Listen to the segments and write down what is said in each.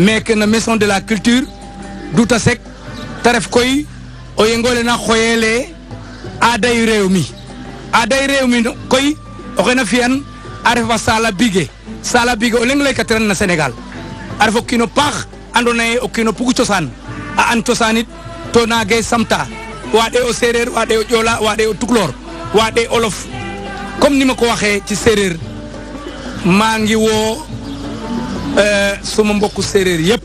mais que na maison de la culture duta sec te koy o yengole na khoyele aaday réew mi aaday réew mi koy a wa sala Bigé sala bige o leng laykatiran na sénégal arif o kiin o paax andoona a an tona to samta wade o serer ojola o ƴoola wade o olof comme ni ko waxee ci serer mangi wo Euh, suma mbokk séeréer yëpp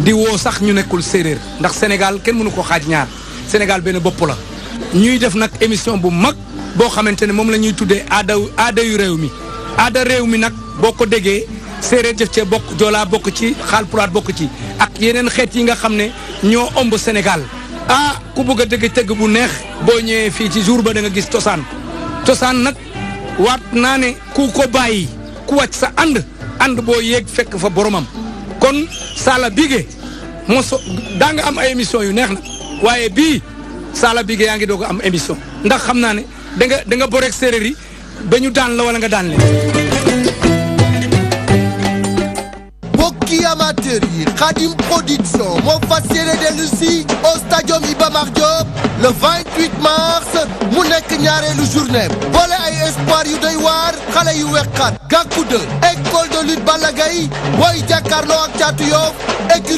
di woo sax ñu nekkul séeréer ndax Sénégal kenn mënu ko xaaj ñaar Sénégal benn bopp la ñuy def nag émission bu mag boo xamante ne moom la ñuy tuddee aada aada réew mi aada réew mi nag boo ko déggee séeréer def cee bokk joolaa bokk ci xaalpulaat bokk ci ak yeneen xeet yi nga xam ne ñoo ëmb Sénégal ah ku bëgg a dëgg tëgg bu neex boo ñëwee fii ci jour ba da nga gis cosaan cosaan nag waat naa ne ku ko bàyyi ku wàcc sa ànd ànd boo yéeg fekk fa boromam kon Sala Bigué moo daa nga am ay yu neex na waaye bii Sala Bigué yaa ngi doog a am émission ndax xam naa ne da nga da nga boreeg séeréer yi ba ñu daan la wala nga daan leen matériel Kadim Production Mon de Lucie, au stadium Iba Marjob, le 28 mars Mounek Nyare le journée Volé ay espoir Yudaywar, doy waar 4 yu école de lutte Balagaï, Waïdia Karlo jàkkaarloo ak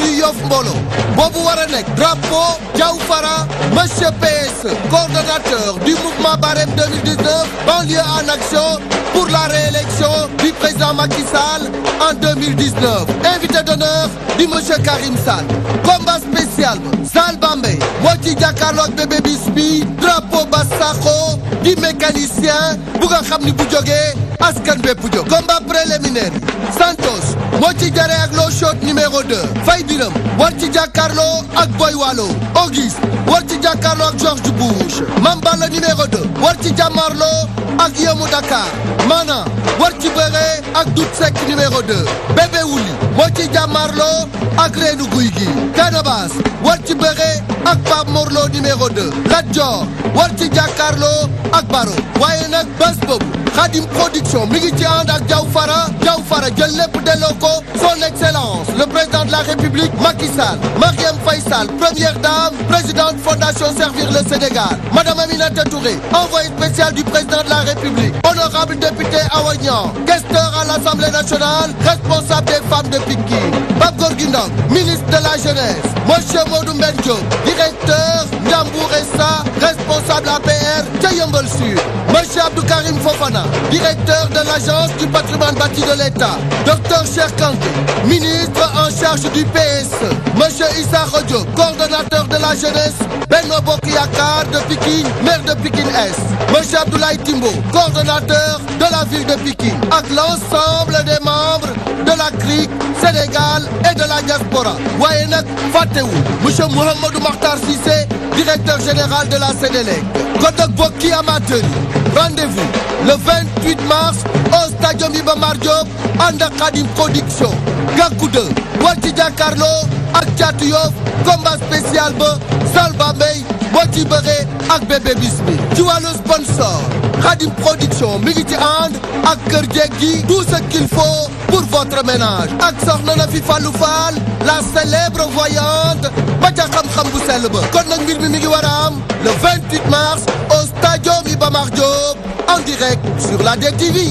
Molo, Yoff Waranek, Mbolo drapeau monsieur PS coordonnateur du mouvement Barème 2019 banlieue en action pour la réélection du président Macky Sall en 2019. Invité d'honneur du monsieur Karim Sall. Combat spécial, sal Bambé, Moti Diakarlok Bébé Bisbi, drapeau Bassako, du mécanicien, Bouga Khamni Boudjogé, askan bépp combat préliminaire Santos moo ci numéro 2 Fay Waltidia war ci Boy Auguste war ci Georges ak George Mambala numéro 2 war ci jàmmarloo ak maanaam war ci bëree ak dut sec numéro 2 bébé moo ci jàmmarloo ak reenu guy gi Canabaas war ci bëree ak Pape Morlo numéro 2 Lat war ci jàkkaarloo ak Baro waaye nag bés boobu Khadim Production Miguel ngi ci ak Deloko, son excellence le président de la république Macky Sall Mariam Faisal première dame présidente fondation Servir le Sénégal madame Amina Touré envoyé spécial du président de la république honorable député Awagnan, question à l'Assemblée nationale responsable des femmes de Pikine Bab Gorguindang, ministre de la jeunesse monsieur Modou Benjo, directeur Ndiambour responsable APR Sud monsieur Abdou Karim Fofana directeur de l'Agence du patrimoine bâti de l'État. Docteur Cherkante, ministre en charge du PS. E. Monsieur Issa Rodio, coordonnateur de la jeunesse. Beno Bokiakar de Pikine, maire de Pikine-Est. Monsieur Abdoulaye Timbo, coordonnateur de la ville de Pikine. Avec l'ensemble des membres de la CRIC, Sénégal et de la diaspora. Wayenek Fateou, Monsieur Mohamedou Martar Sissé, directeur général de la CDLEC. Kodok Boki Amateur, rendez-vous le 28 mars au stadium Iba Mar Diop ànd ak Khadim production Gàkku 2 war ci ak Caatu Yoff combat spécial ba Salba Mbaye boo ci ak bébé bis bi ci wàllu Radim Production mi And, Akker tout ce qu'il faut pour votre ménage ak Nonafi Faloufal, la célèbre voyante ba Kambouselbe. xam Milmi Migiwaram, le 28 mars au stadium Iba en direct sur la DTV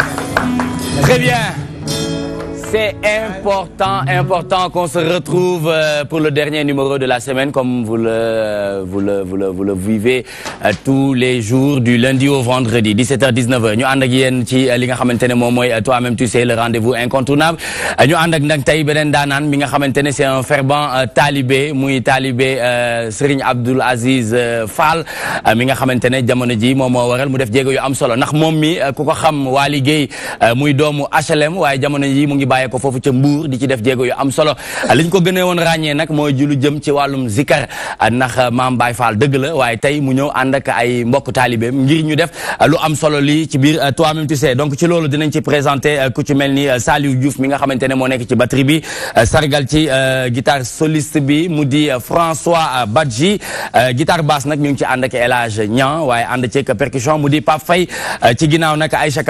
Très bien. C'est important, important qu'on se retrouve euh, pour le dernier numéro de la semaine, comme vous le, euh, vous le, vous le, vous le vivez euh, tous les jours, du lundi au vendredi, 17h, 19h. Ñu ànd ak yéen ci li nga toi-même tu sais le rendez-vous incontournable. Ñu ànd ak nag tey mi nga c'est un fervent talibé muy talibé Serigne Abdul Aziz Fall mi nga xamante ne jamono ji moom moo waral mu def jéego yu am solo ndax moom mi ku ko xam wa Guèye muy doomu HLM waaye jamono ji mu ngi bàyyee ko foofu ca Mbour di ci def jéego yu am solo a ñu ko gënee woon ràññee nag mooy ji jëm ci wàllum zikar ndax maam Baye Fall dëgg la waaye tey mu ñëw ànd ak ay mbokk taalibeem ngir ñu def lu am solo lii ci biir toi-même tu sais donc ci loolu dinañ ci présenté euh, ku ci mel ni euh, Saliou Diouf mi nga xamante ne moo nekk ci batterie bi euh, sargal ci guitare soliste bi mu di François Badji guitare basse nag ñu ngi ci ànd ak El Hadj Niang waaye ànd ci percussion mu di Pape Faye ci ginnaaw nag Aïcha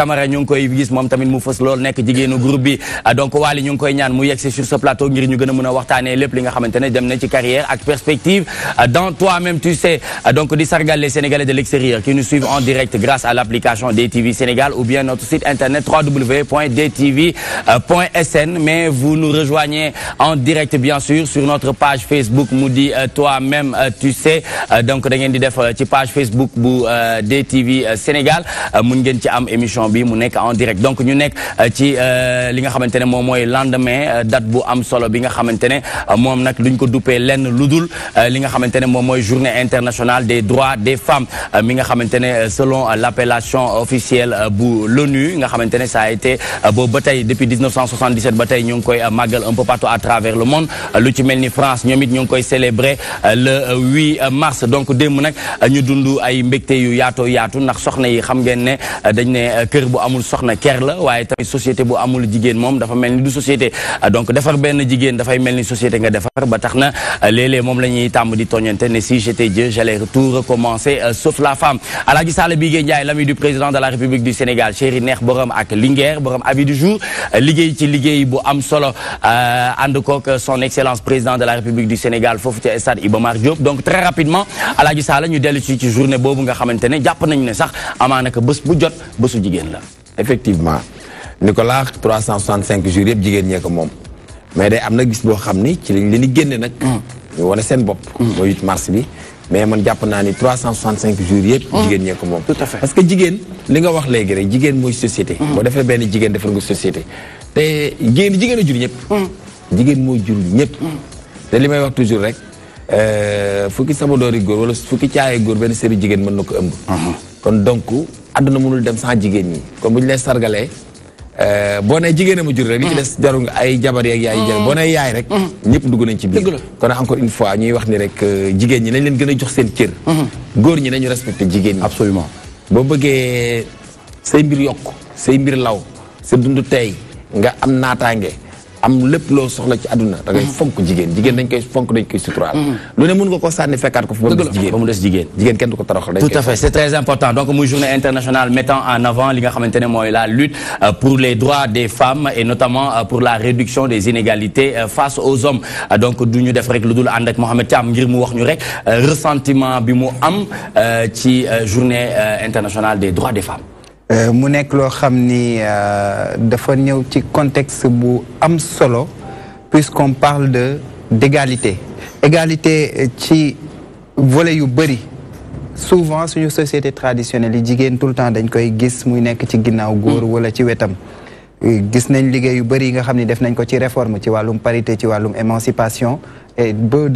donc voilà, ñu ngi koy ñaan mu yexé sur ce plateau ngir ñu gëna mëna waxtané a lépp li nga xamante dem na ci carrière ak perspective euh, dans toi-même tu sais euh, donc di sargal les Sénégalais de l'extérieur qui nous suivent en direct grâce à l'application DTV Sénégal ou bien notre site internet www.dtv.sn euh, mais vous nous rejoignez en direct bien sûr sur notre page Facebook moudi di toi-même tu sais donc da ngeen di def ci page Facebook bu DTV Sénégal mun ngeen ci am émission bi mu nek en direct donc ñu nek ci li nga xamante moom mooy lendemain euh, date bu am solo bi nga xamante ne euh, moom nag luñ ko duppee lenn lu dul euh, li nga xamante ne moom journée internationale des droits des femmes mi nga xamante selon l'appellation officielle bu l'ONU nga xamante ça a été boobu ba depuis 1977 ba tey ñu ngi koy màggal un peu partout à travers le monde lu ci mel France ñoom it ñu koy célébrer le 8 mars donc démb nag ñu dund ay mbégte yu yaatoo yaatu ndax soxna yi xam ngeen ne dañ ne kër bu amul soxna ker la waaye tamit société bu amul jigéen moom dafa melni du société ah, donc défar ben jigen da fay melni société nga défar ba taxna ah, lélé mom lañuy tam di tooñante né si j'étais Dieu j'allais retour recommencer euh, sauf la femme Alaaji Sall Bigué Ndiaye l'ami du président de la République du Sénégal chéri neex borom ak Linguère borom abi du jour euh, liggéey ci liggéey bu am solo and euh, kok son excellence président de la République du Sénégal fofu ci stade Ibomar Diop donc très rapidement Alaaji Sall ñu dellu ci ci journée bobu nga xamante ne jàpp nañu ne sax amaanaka bëss bu jot bëssu jigen la effectivement Nicolas 365 jours yeb jigen ñee ko moom mais day amna gis bo xamni ci lañ leen di nak mm. ñu wone sen bop mm. mooy 8 mars bi mais man japp na ni 365 jours yeb mm. jigen ñee ko moom. tout à fait parce que jigen li nga wax légui rek jigen moy société. bo defee ben jigen defar nga société té jigen jigen jur ñëpp. jigéen mooy jur ñëpp. te wax toujours rek euh, fukki sama doori góor wala fukki caayee góor ben série jigen mën ëmb. Mm-hmm. kon donc aduna mënul dem sans jigen ni comme buñ lay sargalé Euh, boo nee jigéen ma jur rek li ci des jarul nga ay jabar yeeg yaay jar boo nee yaay rek ñëpp dugg nañ ci biir kon encore une fois ñuy wax ni rek euh, jigéen ñi nañ leen gën a jox seen cër mhm. góor ñi nañu respecté jigéen ñi absolument boo bëggee say mbir yokk say mbir law sa dund tey nga am naataange am lépp loo soxla ci àdduna da ngay fonk jigéen jigéen dañ koy fonk dañ koy sutural mm-hmm. lu ne mën nga ko sànni fekkaat ko fu ba mu des jigéen jigéen kenn du ko taroxal tout à fait c'est très important donc muy journée internationale mettant en avant li nga xamante ne mooy la lutte euh, pour les droits des femmes et notamment euh, pour la réduction des inégalités euh, face aux hommes donc du ñu def rek lu dul ànd ak Mohamed Thiam ngir mu wax ñu rek ressentiment bi mu am ci journée internationale des droits des femmes euh, mu nekk loo xam euh, contexte bu am solo puisqu'on parle de d'égalité égalité euh, ci volet yu souvent suñu société traditionnelle yi tout le temps dañ koy gis muy nekk ci ginnaaw góor mm. wala ci wetam gis nañ liggéey yu nga def nañ parité émancipation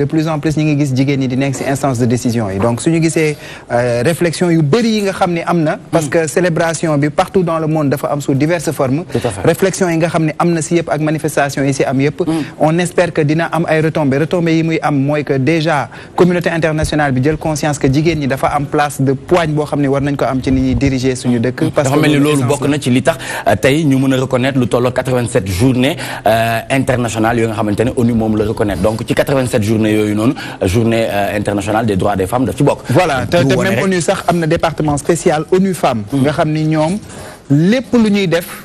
de plus en plus ñu ngi gis jigéen ñi di nekk ci instance de décision yi donc suñu gisee euh, réflexion yu bëri yi nga xam ne am na parce mm. que célébration bi partout dans le monde dafa am sous diverses formes réflexion yi nga xam ne am na ci yëpp ak manifestation yi ci am yëpp mm. on espère que dina am ay retombées retombées yi muy am mooy que déjà communauté internationale bi jël conscience que jigéen ñi dafa am place de poigne boo xam ne war nañ ko am ci ni ñuy diriger suñu dëkk mm. parce que dafa mel ni loolu bokk na ci li tax euh, tey ñu mën a reconnaître lu tolloo 87 journée euh, internationale yi nga xamante ne ONU moom la reconnaître donc ci 87 euh, journée une euh, journée internationale des droits des femmes de ci bokk. voilà te même ONU sax am un département spécial ONU Femmes. Hmm. nga xam ni ñoom lu ñuy def.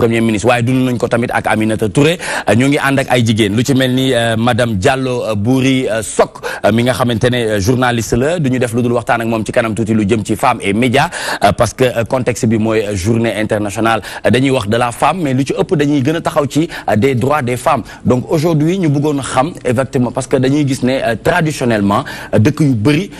premier ministre waye dund nañ ko tamit ak Aminata Touré euh, ñu ngi and ak ay jigéen lu ci melni ni euh, madame Diallo euh, Bouri sok mi nga xamantene journaliste la duñu def lu dul waxtaan ak mom ci kanam tuuti lu jëm ci femme et médias parce que contexte bi moy journée internationale dañuy wax de la femme mais lu ci ëpp dañuy gëna taxaw ci des droits des femmes donc aujourd'hui ñu bëggoon xam exactement parce que dañuy gis né traditionnellement dëkk yu bëri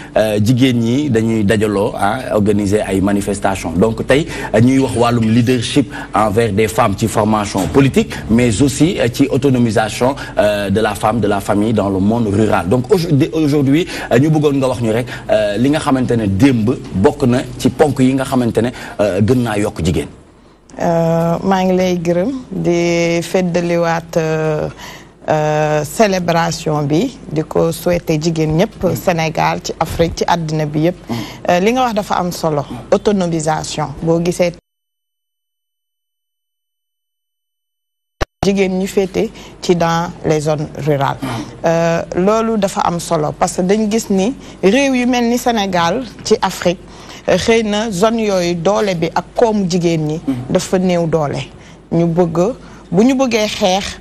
jigéen ñi dañuy dajalo ah hein, organiser ay manifestations donc tay ñuy wax walum leadership envers des femmes ci formation politique mais aussi euh, ci autonomisation euh, de la femme de la famille dans le monde rural donc aujourd'hui euh, ñu bëggoon nga wax ñu rek li nga xamante ne bokk na ci ponk yi nga xamante ne gën vous yokk jigéen maa ngi lay gërëm di feddaliwaat célébration bi du coup souhaité jigéen ñëpp mm. Sénégal ci Afrique ci aduna bi yëpp mm. li nga wax dafa am solo autonomisation bo gisé jigéen ñu féete ci dans les zones rurales euh, lolu dafa am solo parce que dañu gis ni réew yu melni ni Sénégal ci Afrique euh, xeyna zone yoy doole bi ak koomu jigéen ñi mm. dafa néew doole ñu bëgg bu ñu bëggé xex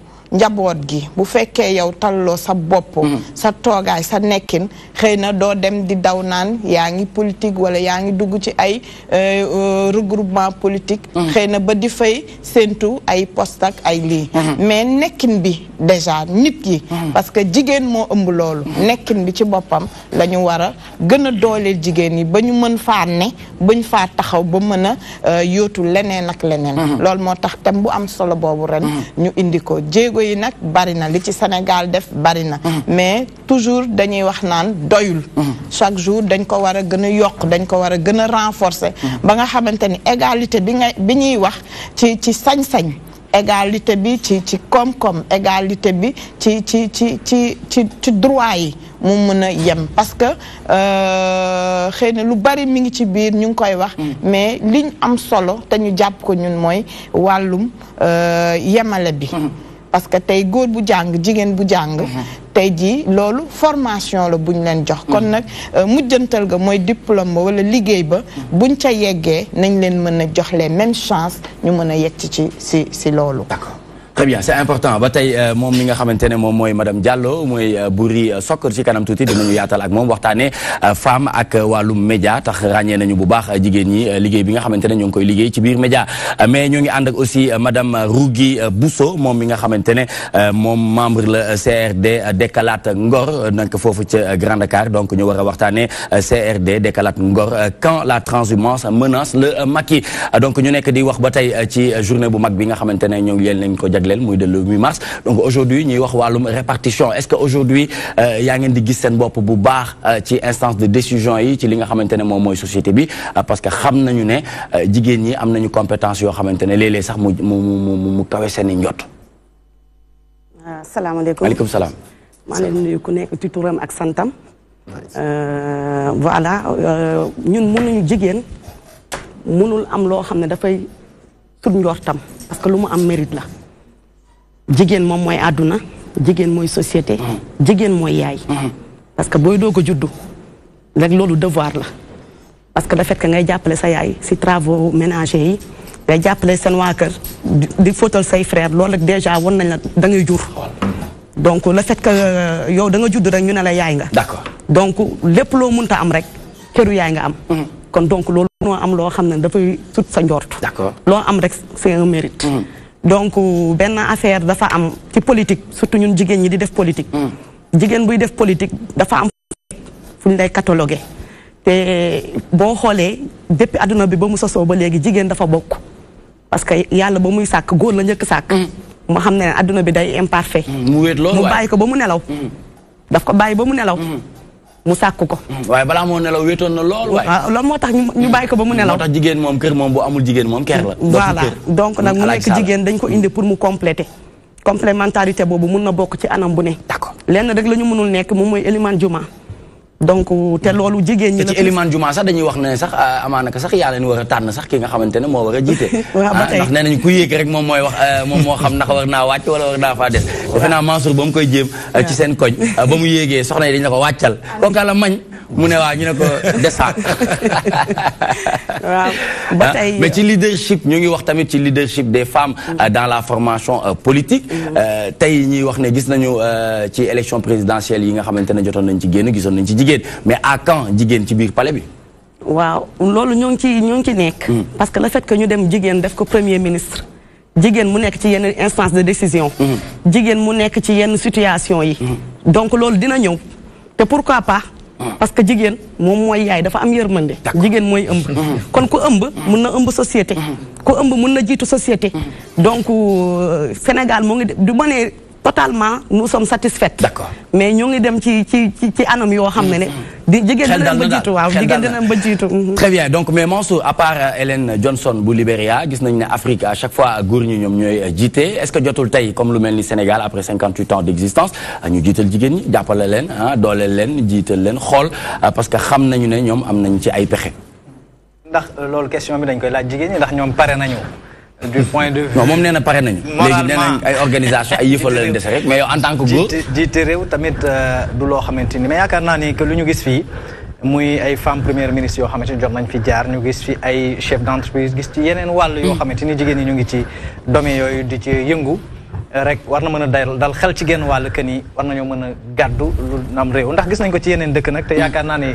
njaboot gi bu fekkee yow talloo sa bopp mm-hmm. sa toogaay sa nekkin xëy na doo dem di daw naan yaa ngi politique wala yaa ngi dugg ci ay euh, euh, regroupement politique mm-hmm. xëy na ba di fay séentu ay poste ay lii mm-hmm. mais nekkin bi déjà nit yi parce que jigéen moo ëmb loolu nekkin bi ci boppam la ñu war a gën a dooleel jigéen yi ba ñu mën faa ne bañ faa taxaw ba mën a euh, yóotu leneen ak leneen loolu moo tax thème bu am solo boobu ren ñu indi ko jéego jéego nag bari na li ci Sénégal def bari na mm-hmm. mais toujours dañuy wax naan doyul mm-hmm. chaque jour dañ ko war a gën a yokk dañ ko war a gën a renforcer mm-hmm. ba nga xamante ni égalité bi nga bi ñuy wax ci ci sañ-sañ égalité bi ci ci koom égalité bi ci ci ci ci ci ci droit yi mu mën a yem parce que euh, xëy na lu bari mi ngi ci biir ñu ngi koy wax mais liñ am solo te ñu jàpp ko ñun mooy wàllum euh, yemale bi parce que tey góor bu jàng jigéen bu jàng mhm. tey jii loolu formation la bu buñ leen jox kon mhm. nag euh, mujjantal ga mooy diplôme ba wala liggéey ba mhm. buñ ca yeggee nañ leen mën a jox les mêmes chance ñu mën a yegg ci ci si loolu d'accord très bien c'est important ba tey euh, moom mi nga xamantene mom moy madame Diallo moy euh, Boury euh, Soccer ci kanam tuuti dinañu yaatal ak mom waxtane femme ak wàllum média tax ràññee nañu bu baax jigen ñi liggéey bi nga xamantene ñong koy liggéey ci biir média mais ñoo ngi and ak aussi madame Rougui Bousso mom mi nga xamantene mom membre le CRD Décalate Ngor donc fofu ci Grand Dakar donc ñu wara waxtane CRD Décalate Ngor quand la transhumance menace le maquis donc ñu nek di wax ba ci journée bu mag bi nga xamantene ñong leen nañ ko jagle jagleel muy de le 8 mars donc aujourd'hui ñuy wax wàllum répartition est-ce que aujourd'hui euh, yaa ngeen di gis seen bopp bu baax euh, ci instance de décision yi ci li nga xamante ne moom mooy société bi euh, parce que xam nañu ne jigéen ñi am nañu compétence yoo xamante les les, léeg sax mu mu mu mu kawe seen i Salam asalaamaaleykum ah, maaleykum salaam. maa leen nuyu ku nekk ci turam ak santam. voilà ñun mënuñu jigéen mënul am loo xam ne tout tudd njortam parce que lu mu am mérite la. jigéen moom mooy àdduna jigéen mooy société. Mhm. jigéen mooy yaay. Mhm. parce que booy doog a juddu rek loolu devoir la parce que le fait ngay jàppale sa yaay si travaux ménagers yi ngay jàppale seen waa kër di fóotal say frère loolu rek déjà won nañ la da ngay jur. donc la fait euh, yow da nga judd rek ñu ne la yaay nga. d'accord donc lépp loo mënta am rek këru yaay nga am. Mhm. kon donc loolu noo am loo xam ne dafay sut sa njort. d'accord loo am rek c'est mérite. donc benn affaire dafa am ci politique surtout ñun jigéen ñi di def politique. Hmm. jigéen buy def politique dafa am fu ñu lay catalogué te boo xoolee depuis adduna bi ba mu sosoo ba léegi jigéen dafa bokk parce que yàlla ba muy sàkk góor la njëkk sàkk. Hmm. mu xam ne adduna bi day imparfait. Hmm, mu wéet mu bàyyi ko ba mu nelaw. daf ko bàyyi ba mu nelaw. mu sàkk ko. waaye balaa moo nelaw wetoon na lool. waaw loolu moo tax ñu bàyyi ko ba mu nelaw. moo tax jigéen moom kër moom bu amul jigéen moom kër la. voilà donc nag mu nekk jigéen dañ ko indi pour mu compléter. complémentarité boobu mun na bokk ci anam bu ne. d'accord lenn rek la ñu mënul nekk moom mooy élément juma. donc te loolu jigéen ñi la ci sax dañuy wax ne sax euh, amaana ka sax yaa leen war a tànn sax ki nga xamante ne moo war a jiite. waaw ba ah, tey ndax nañ ku yéeg rek moom mooy wax euh, moom moo xam ndax war naa wàcc wala war naa o des. defe ba mu koy jéem euh, ci seen koñ. ba mu yéegee soxna yi dañ la ko wàccal ah. mañ. mu ne ñu ne ko desaat. waaw ah, mais ci euh, leadership ñu ngi wax tamit ci leadership des femmes mm-hmm. euh, dans la formation euh, politique. Mm-hmm. tay ñuy wax ne gis nañu ci élection présidentielle yi nga xamante ne jotoon nañ ci génn gisoon nañ ci jigéen mais à quand jigéen ci biir palais bi. waaw loolu ñu ngi ci ngi ci nekk. Mm. parce que le fait que ñu dem jigéen def ko premier ministre. jigéen mu nekk ci yenn instance de décision. Mm-hmm. jigéen mu nekk ci yenn situation yi. donc loolu dina ñëw te pourquoi pas. Ah. parce que jigéen moom mooy yaay dafa am yërmande jigéen mooy ëmb ah. kon ku ëmb mun na ëmb société ah. ku ëmb mun na jiitu société donc euh, Sénégal moo ngi di ma totalement nous sommes satisfaits. d'accord mais nous, sommes dem ci ci ci anam mhm. très bien donc à part Hélène Johnson bu Libéria Afrique à chaque fois nous est-ce que jotul comme le Sénégal après 58 ans d'existence ñu avons dit, ñi vous leen ah, ah, parce que xam nañu am nañ ci euh, question point de vue moom nee na pare nañu. léegi nee ay organisation ay yëfal la leen dese rek mais yow en tant que góor. jiite réew tamit euh, du loo xamante ni mais yaakaar naa ni que lu ñu gis fii muy ay femmes premières ministres yoo xamante ni jot nañ fi jaar ñu gis fi ay chef d' gis ci yeneen wàll yoo mm. xamante ni jigéen ñi ñu ngi ci domaine yooyu di ci yëngu. rek war na mën a dayal dal xel ci genn wàll que nii war nañoo mën a gàddu lu am réew ndax gis nañ ko ci yeneen dëkk nag te yaakaar naa ni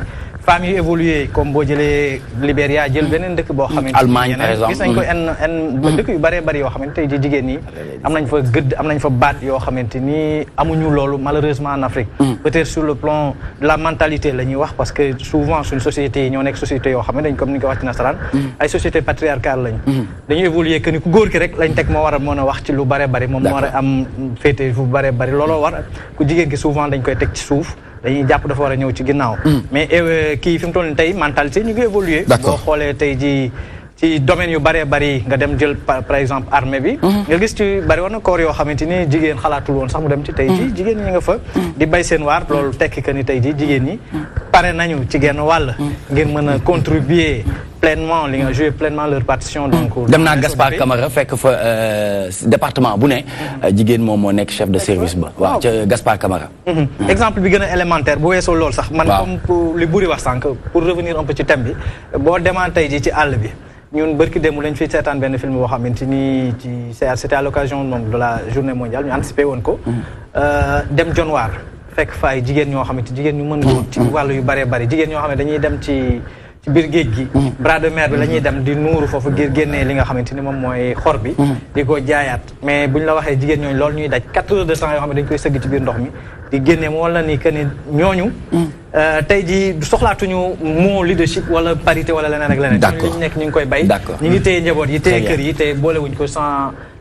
famille évoluer comme boo jëlee Libéria jël benen dëkk bo xamanteni Allemagne par exemple gis nañ ko mm. en en dëkk yu bëree bëri yo xamanteni tey ji jigéen ñi am nañ fa gëdd am nañ fa baat yo xamanteni amuñu loolu malheureusement en Afrique mm. peut-être sur le plan de la mentalité la wax parce que souvent suñ sociétés yi ñoo nekk société yo xamanteni dañ comme ni nga ko wax ci nasaraan mm. ay société patriarcale lañ dañuy évoluer que ni ku góor ki rek lañ tek mo wara a mën wax ci lu bëree bëri mom moo am fété fu bëree bëri looloo war ku jigéen ki souvent dañ koy tek ci suuf dañuy jàpp dafa war ñëw ci ginnaaw hmm. mais euh, kii fi mu toll nii tey mentalité ñu ngi évoluer boo xoolee tey ji ci domaine yu bare bëri nga dem jël par exemple armée bi mhm. nga gis ci bëri woon na koor yoo xamante ni jigéen xalaatul woon sax mu dem ci tey ji mhm. jigéen ñi nga fa mhm. di bay seen waar loolu tekki que ni tey ji jigéen ñi pare nañu ci genn wàll ngir mën a contribuer pleinement li nga jouer pleinement leur partition donc dem naa Gaspard Camara fekk fa euh, département bu ne euh, jigéen moom moo nekk chef de service ba waaw ca Gaspard Camara exemple bi gën a élémentaire bu weesoo loolu sax man comme li buri wax sànq pour revenir un peu ci thème bi boo demaan tey ji ci àll bi ñun barki démb lañ fi sétane ben film boo xamanteni ni ci c'était à l'occasion donc de la journée mondiale ñu anticipé won ko. Mm-hmm. euh dem John Waar fekk fay jigen ñoo xamanteni jigen ñu mën góor ci mm-hmm. walu yu bëree bëri jigen ñoo xamanteni dañuy dem ci ci bir géej gi mm-hmm. bras de mer bi lañuy dem di nuuru fofu ngir génnee li nga xamanteni ni moom mooy xor bi di ko jaayaat mais buñ la waxee jigéen ñooñu loolu ñuy daj 4 heures de temps yoo xam ne dañ koy sëgg ci biir ndox mi di génne walla ni que ni ñooñu. Hmm. Euh, tey jii soxlaatuñu moo leadership wala parité wala leneen ak leneen. d'accord ñu nekk ñu ngi koy bay. d'accord ñu ngi téye njaboot yi téye kër yi te boolewuñ ko sans.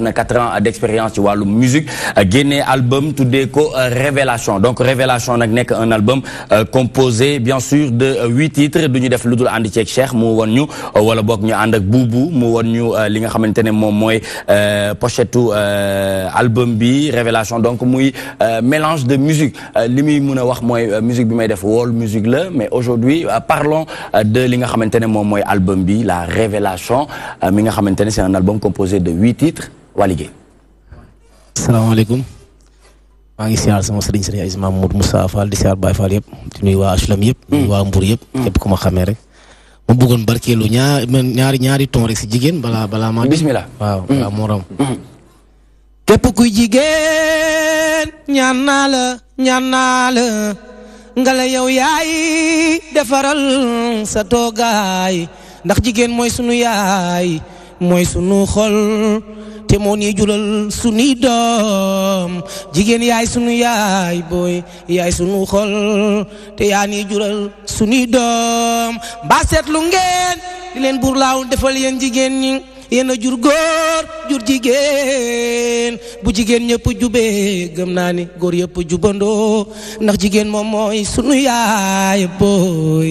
na quatre ans d'expérience ci wàllu musique euh, génnee album tuddee ko euh, Révélation donc Révélation nak nek un album euh, composé bien sûr de huit titres duñu def lu dul ci Cheikh mu won ñu wala bok ñu ànd ak buubu mu won ñu li nga xamantene mom moy pochette album bi Révélation donc muy mélange de musique limi mëna wax moy musique bi may def wool musique la mais aujourd'hui parlons de li nga xamantene mom moy album bi la Révélation mi nga xamantene c'est un album composé de huit titres walige assalamualaikum salaamaaleykum maa ngi sama sering-sering Aziz Mamoud Moussa Fall di siar Baye Fall yëpp di yep. Hmm. waa HLM yëpp. di Mbour yëpp. képp hmm. ku ma xamee rek. ma Nyari barkeelu ñaar ñaari ñaari ton rek si jigen. bala bala ma bismillah waaw hmm. balaa moram kep ku jigen ñaan naa la ñaan yai. la nga la yow yaay defaral sa ndax jigen sunu yaay Moy sunu xol. te moo ni jural sunuy doom jigéen yaay sunu yaay booy yaay sunu xol te yaa ñuy jural sunuy doom mbaa seetlu ngeen di leen buur laawul defal yéen jigéen ñi yéen a jur góor jur jigéen bu jigéen ñëpp jubee gëm naa ni góor yëpp jubandoo ndax jigéen moom mooy sunu yaay booy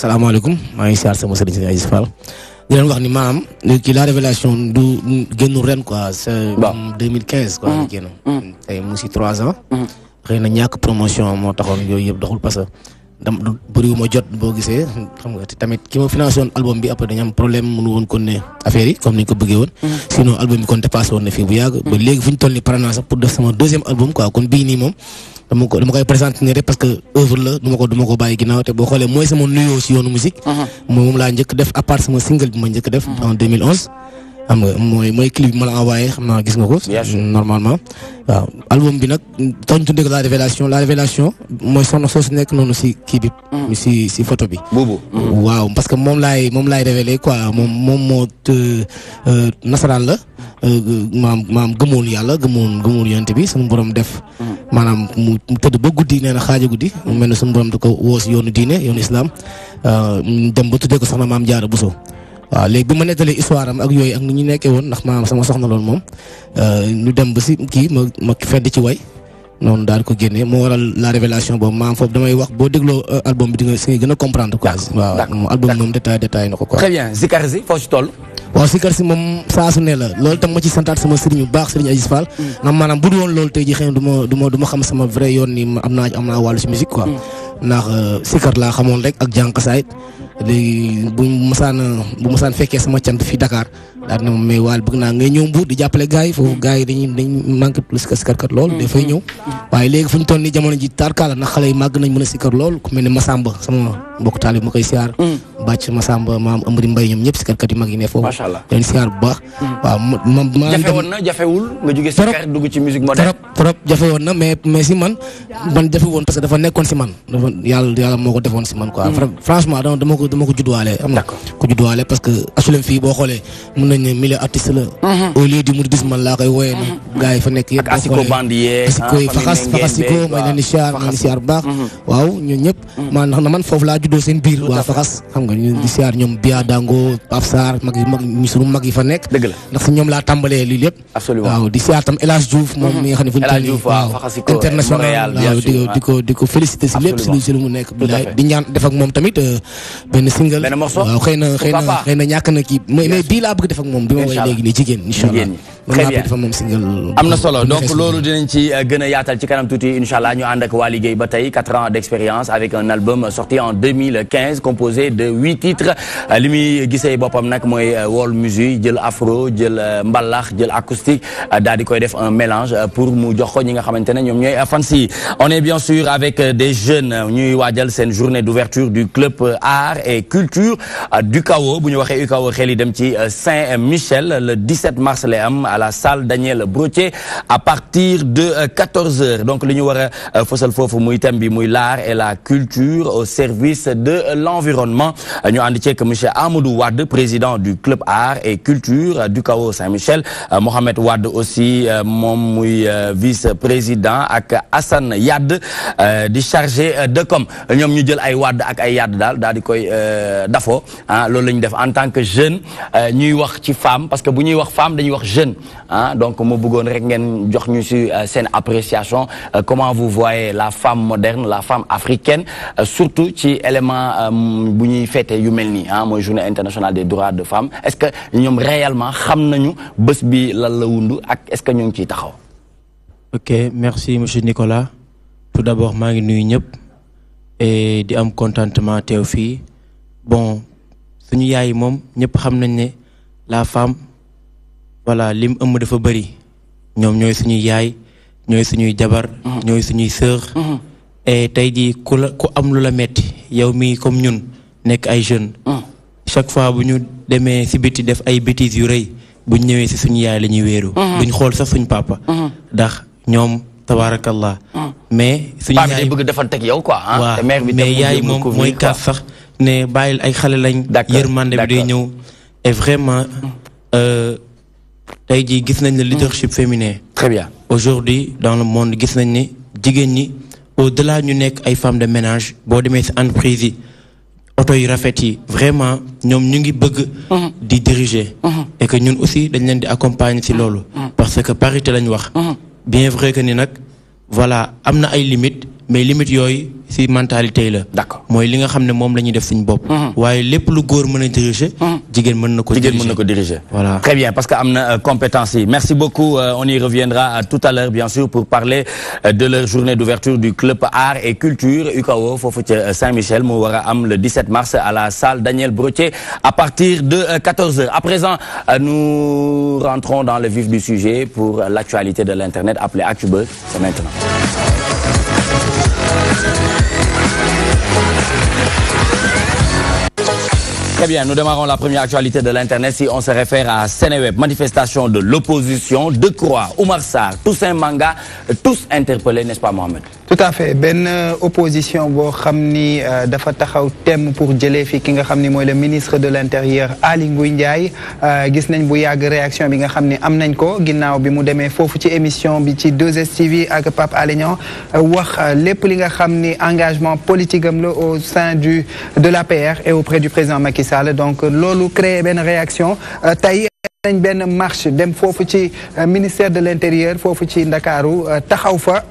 salaamaaleykum maa ngi siyaar sama sëriñ si Aziz Fall di leen wax ni maam ki la révélation du génnu ren quoi c'est 2015 mm, quoi mm. génn mm. tey mu si trois ans xëy na ñàkk promotion moo taxoon yooyu yëpp doxul parce que dam jot boo gisee xam nga te tamit ki ma financé album bi après dañu am problème mënu woon kon ne affaire yi comme ko bëggee woon mm. sinon album bi kon dépassé woon na bu yàgg ba mm. fu ñu toll ni pare naa sax pour def sama deuxième album quoi kon bii moom dama koy présenté nii rek parce que œuvre la du ko du ma te boo xoolee mooy sama nuyoo yoonu musique uh-huh. moom laa njëkk def à part single bi ma njëkk def uh-huh. en 2011 xam nga clip bi ma envoyé xamna gis nga ko. normalement. waaw album bi nak tooñ tuddee ko la révélation la révélation moy son sauce nek nekk noonu si kii bi. Mm. si si photo bi. boobu. Mm. waaw parce que mom lay mom lay révéler quoi mom mom mo moo euh, euh, nasaraan la. Euh, maam maam gëmoon yalla gëmoon gëmoon yent bi sama borom def. manam mm. mu teud ba guddi neena na xaaja guddi mu mel ne borom da ko woo si yoonu diine yoonu islam dem ba tuddee ko sama maam Jaara Buso waaw léegi bi ma nettalee histoire am ak yooyu ak ni ñu nekkee woon ndax maam sama soxna loolu moom euh, ñu dem ba si kii ma ma fedd ci way noonu daal ko génnee moo waral la révélation boobu maam foofu damay wax boo dégloo euh, album bi di nga si gën a comprendre quoi. waaw album bi moom détail détail na ko quoi. très bien Zikar si foo si toll. moom saa su la loolu tam ma ci santaat sama sëriñ bu baax sëriñ Aziz Fall. Mm. ndax maanaam bu dul woon loolu tey jii xëy na du ma xam sama vrai yoon ni am naa wàllu si musique quoi. Mm. ndax euh, Zikar léegi bu masaan bu masaan fekkee sama cant fii Dakar dal na may wal waal bëgg naa ngay ñëw bu di jappalé gaay yi gaay dañ manke plus que sikarkat lool fay ñëw waye légui fu tonni ni jamono ji tarkaala na xalé yi mag nañ mëna ci sikar lool ku melni Masamba sama mbokk talib mu mm. ma koy siar bacc Masamba maam Amari Mbay ñoom ñëpp kat yi mag yi ne foofu macha allah leen siar bu ma ma jafe na jafewul nga ci sikar dugg ci musique moderne trop trop jafe woon na mais mais si man man jafe woon parce que dafa nekkon si man ko man quoi mm. franchement dama ko dama ko ko nañ ne milieu artiste la uh-huh. au lieu dis man la kay woy na gaay fa nek yëpp asiko bandier eh. asiko yi ah, faxas faxasiko may la di char ni leen di uh-huh. waw ñun waaw ñëpp uh-huh. man na man fofu la juddo seen biir waa faxas xam nga ñu di siyaar ñom Bia Dango Pape Sarr mag mag ñu suñu mag yi fa nek dëgg la ndax la laa tàmbalee lépp waw di siyaar tam elage djouf mom mi nga fu eh, international waaw diko diko di féliciter ci lépp suñu suñu si mu nekk di ñaan def ak mom tamit euh, ben single waaw xeyna xeyna xëy na xëy na mais bi la bëgg def ak moom bi ma woy léegi nii jigéen incha allah très bien moom single am na solo donc loolu dinañ ci euh, gën a yaatal ci kanam tuuti incha allah ñu ànd ak waa liggéey ba tey quatre ans d' expérience avec un album sorti en 2015 composé de 8 titres euh, li muy gisee boppam nag mooy euh, wol musique jël afro jël mbalax jël acoustique daal di koy def un mélange pour mu jox ko ñi nga xamante ne ñoom ñooy fans yi on est bien sûr avec des jeunes ñuy waajal seen journée d' ouverture du club art et culture du UCAO bu ñu waxee UCAO xel yi dem ci Saint Michel le 17 mars à la salle Daniel brotier à partir de 14 euh, h donc le euh, l'art et la culture au service de euh, l'environnement que président du club art et culture du Saint-Michel Mohamed aussi mon vice-président ak Hassan Yad de com en tant que jeune ci femme parce que bu ñuy wax femme dañuy wax jeune hein donc mo bëggone rek ngeen jox ñu ci euh, sen appréciation euh, comment vous voyez la femme moderne la femme africaine euh, surtout ci élément bu ñuy fête yu melni hein journée internationale des droits de femmes. est-ce que ñom réellement xam nañu bés bi lan la wundu ak est-ce que en ngi taxaw. ok merci monsieur Nicolas tout d'abord ma ngi nuy ñëpp et di am contentement téw fi bon suñu yaay mom ñëpp xam nañ la femme voilà lim ëmb dafa bëri ñoom ñooy suñuy yaay ñooy suñuy jabar. Mhm. ñooy suñuy sœur. Mhm. tey jii ku la ku am lu la metti yow mii comme ñun nekk ay jeunes. Mhm. chaque fois bu ñu demee si biti def ay bêtises yu rey bu ñëwee si suñu yaay la ñuy wéeru. xool sax suñ papa. ndax ñoom tabaarakallah. mais suñu yaay paa bi bëgg yow quoi. te mère bi mais yaay moom mooy kaas sax ne bàyyil ay xale lañ. yërmande bi day ñëw. est vraiment. Euh, tey jii nañ le leadership féminin. très bien aujourd'hui dans le monde gis nañ ni au-delà ñu nous, ay femmes de ménage boo demee ci entreprise yi vraiment ñom ñu ngi bëgg. Mm-hmm. di diriger. Mm-hmm. et que ñun aussi dañ leen di accompagner ci loolu. Mm-hmm. parce que parité lañ wax. bien vrai que ni nak voilà amn'a ay limites mais limite yoy ci mentalité la. d'accord li nga xamné ne lañuy def suñu bop mhm. waye lepp lu diriger. Mhm. jigen mëna ko diriger très bien parce que amna euh, compétence merci beaucoup euh, on y reviendra euh, tout à l'heure bien sûr pour parler de leur journée d'ouverture du club art et culture UKO fofu Saint-Michel mu le 17 mars à la salle Daniel Brotier à partir de 14 h à présent nous rentrons dans le vif du sujet pour l'actualité de l'internet appelée ActuBe. c'est maintenant. Yeah. Très bien, nous démarrons la première actualité de l'Internet si on se réfère à Sénéweb. Manifestation de l'opposition, de Croix, Oumar Sarr, Toussaint Manga, euh, tous interpellés, n'est-ce pas Mohamed tout à fait Ben, opposition Bo euh, dafa thème pour déléguer fi ki le ministre de l'Intérieur Ali Aly qui Ndiaye gis nañ réaction bi nga xam ni am nañ ko ginnaaw bi mu demee ci émission bi ci 2STV avec Pape Alé wax lépp li engagement politique au sein du de l'APR et auprès du président Macky Macky donc loolu créé benn réaction euh, tey nañ benn marche dem foofu ci euh, ministère de l'intérieur foofu ci Ndakaaru euh, taxaw fa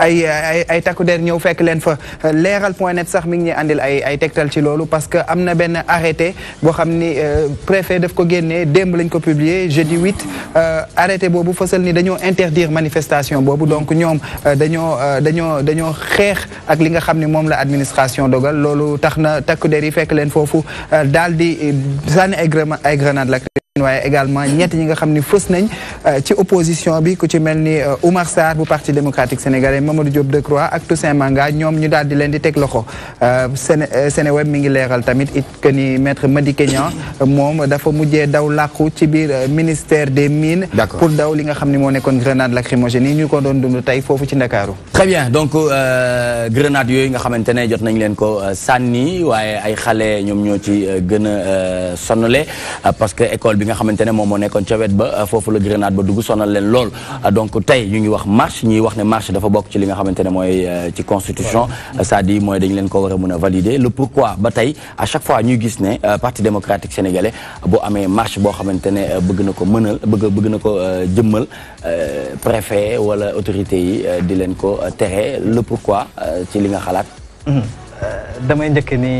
ay ay ay takku der ñëw fekk leen fa leeral point net sax mi ngi andil ay ay tektal ci lolu parce que amna ben arrêté bo xamni euh, préfet daf ko génnee démb lañ ko publier jeudi 8 euh, arrêté bobu fësal ni dañoo interdire manifestation bobu donc ñom euh, dañoo dañoo dañoo xex ak li nga xamni mom la administration dogal lolu taxna na takku der yi fekk leen fofu daldi zane sànni ay grenade la waaye également ñett ñi nga xam ne fës nañ euh, ci opposition bi ku ci mel ni euh, Oumar Sarr bu parti démocratique sénégalais Mamadou Diop de Croix ak Toussaint Manga ñoom ñu daal di leen di teg loxo euh, Seneweb mi ngi leeral tamit it que ni maître Madické Niang moom dafa mujjee daw làqu ci biir ministère des mines pour daw li nga xam ne moo nekkoon grenade lacrymogène yi ñu ko doon dund tey foofu ci Ndakaaru très bien donc grenade yooyu nga xamante ne jot nañ leen ko sànni waaye ay xale ñoom ñoo ci gën a sonnale parce que école bi nga xamantene ne moom moo nekkoon wet ba euh, fofu le grenade ba dugg sonal len lol euh, donc tay ñu ngi wax marche ñi wax ne marche dafa bok ci li nga xamantene moy euh, ci constitution c'est-à-dire mooy dañ leen ko wara mëna valider le pourquoi ba tay à chaque fois ñu gis ne parti démocratique sénégalais bo amé marche bo xamantene ne bëgg na ko bëgg bëgg na jëmmal préfet wala autorité yi di leen ko téré le pourquoi ci li nga xalaat mmh. damay ñëkke ni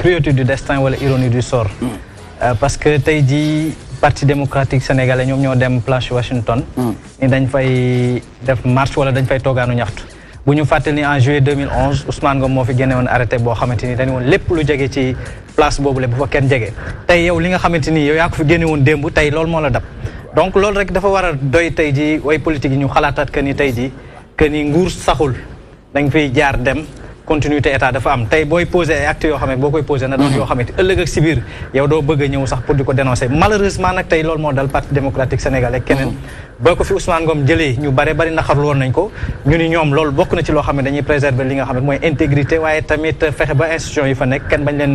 cruauté du destin wala ironie du sort mmh. Euh, parce que tey jii parti démocratique sénégalais ñoom ñoo dem place Washington. Hmm. ni dañ fay def marche wala dañ fay toogaanu ñaxtu. bu ñu fàttali ni en juillet 2011 Ousmane Ngom moo fi génne woon arrêté boo xamante ni dañu woon lépp lu jege ci place boobu la bu fa kenn jege. tey yow li nga xamante ni yow yaa ko fi génne woon démb tey loolu moo la dab donc loolu rek dafa war a doy tey jii way politique yi ñu xalaataat que ni tey jii que ni nguur saxul dañ fiy jaar dem. continuité état dafa am tey booy posé ay actes yoo xam ne boo koy posé na doon mhm. yoo xam ne ëllëg ak si yow doo bëgg a ñëw sax pour di ko dénoncer malheureusement nag tey loolu moo dal parti démocratique sénégalais keneen mhm. boo ko fi Ousmane Ngom jëlee ñu bare bari naqarlu woon nañ ko ñu ni ñoom lool bokk na ci loo xam ne dañuy préserver li nga xam ne mooy intégrité waaye tamit fexe ba institution yi fa nekk kenn bañ leen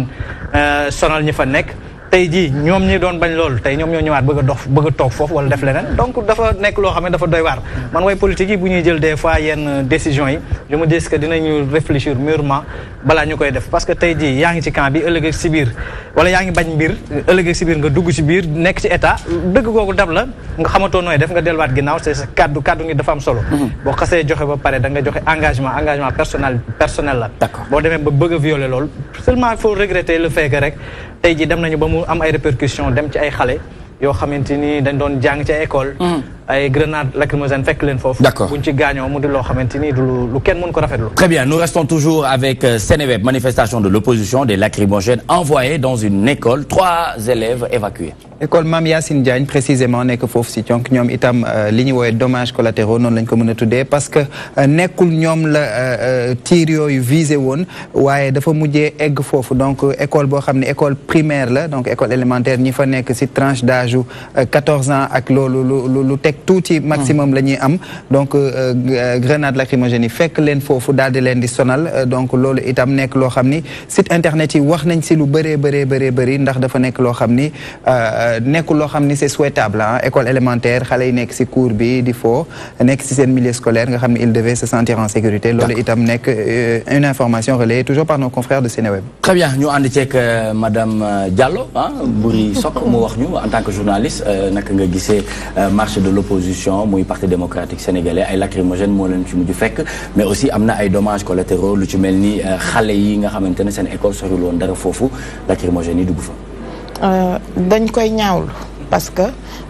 euh, sonal ñi fa nekk tey jii ñoom ñi doon bañ loolu tey ñoom ñoo ñëwaat bëgg a dox bëgg a toog foofu wala def leneen donc dafa nekk loo xam ne dafa doy waar man way politique yi bu ñuy jël des fois yenn décision yi je me dis que dinañu réfléchir mûrement balaa ñu koy def parce que tey jii yaa ngi ci camp bi ëllëg ak si biir wala yaa ngi bañ mbir ëllëg ak si biir nga dugg ci biir nekk ci état dëgg googu dab la nga xamatoo nooy def nga delluwaat ginnaaw c'est sa kàddu kàddu ngi dafa am solo mhm. boo xasee joxe ba pare da nga joxe engagement engagement personnel personnel la boo demee ba bëgg a violer loolu seulement il faut regretter le fait que rek tey jii dem nañu ba mu am ay répercussions dem ci ay xale yoo xamante ni dañ doon jàng ci ay ay grenades lacrymogènes fekk leen foofu. d'accord buñ ci gaañoo mu di loo xamante ni du lu kenn mën ko rafetlu. très bien nous restons toujours avec euh, Sénéweb manifestation de l'opposition des lacrymogènes envoyés dans une école trois élèves évacués. école mamiya Yacine Diagne précisément nekk foofu si donc ñoom itam euh, li ñu woowee dommages collatéraux noonu lañ ko mën a tuddee parce que euh, nekkul ñoom la tiir yooyu visé woon waaye dafa mujjee egg foofu donc école boo xam école primaire la donc école élémentaire ñi fa nekk si tranche d'âge 14 ans ak loolu lu lu tout maximum que hmm. nous am donc euh, euh, grenade lacrymogène fait que leen foofu daal di sonal euh, donc loolu itam amené que xam ni site internet yi wax nañ si lu béré béré béré bëri ndax dafa nekk loo xam ni nekkul loo xam c'est souhaitable hein. école élémentaire xale yi nekk si cours bi di foo nekk milieu scolaire il devait se sentir en sécurité loolu itam amené une information relayée toujours par nos confrères de Seneweb très bien nous ànd avec madame Diallo ah hein, Sok mu en tant que journaliste naka nga gisee marché de l'eau l'opposition muy parti démocratique sénégalais ay lacrymogène moo leen ci mujj fekk mais aussi am na ay dommages collatéraux lu tu mel ni euh, xale yi nga xamante ne seen école soriwul woon dara foofu lacrymogène du dugg fa. Euh, dañ koy ñaawul parce que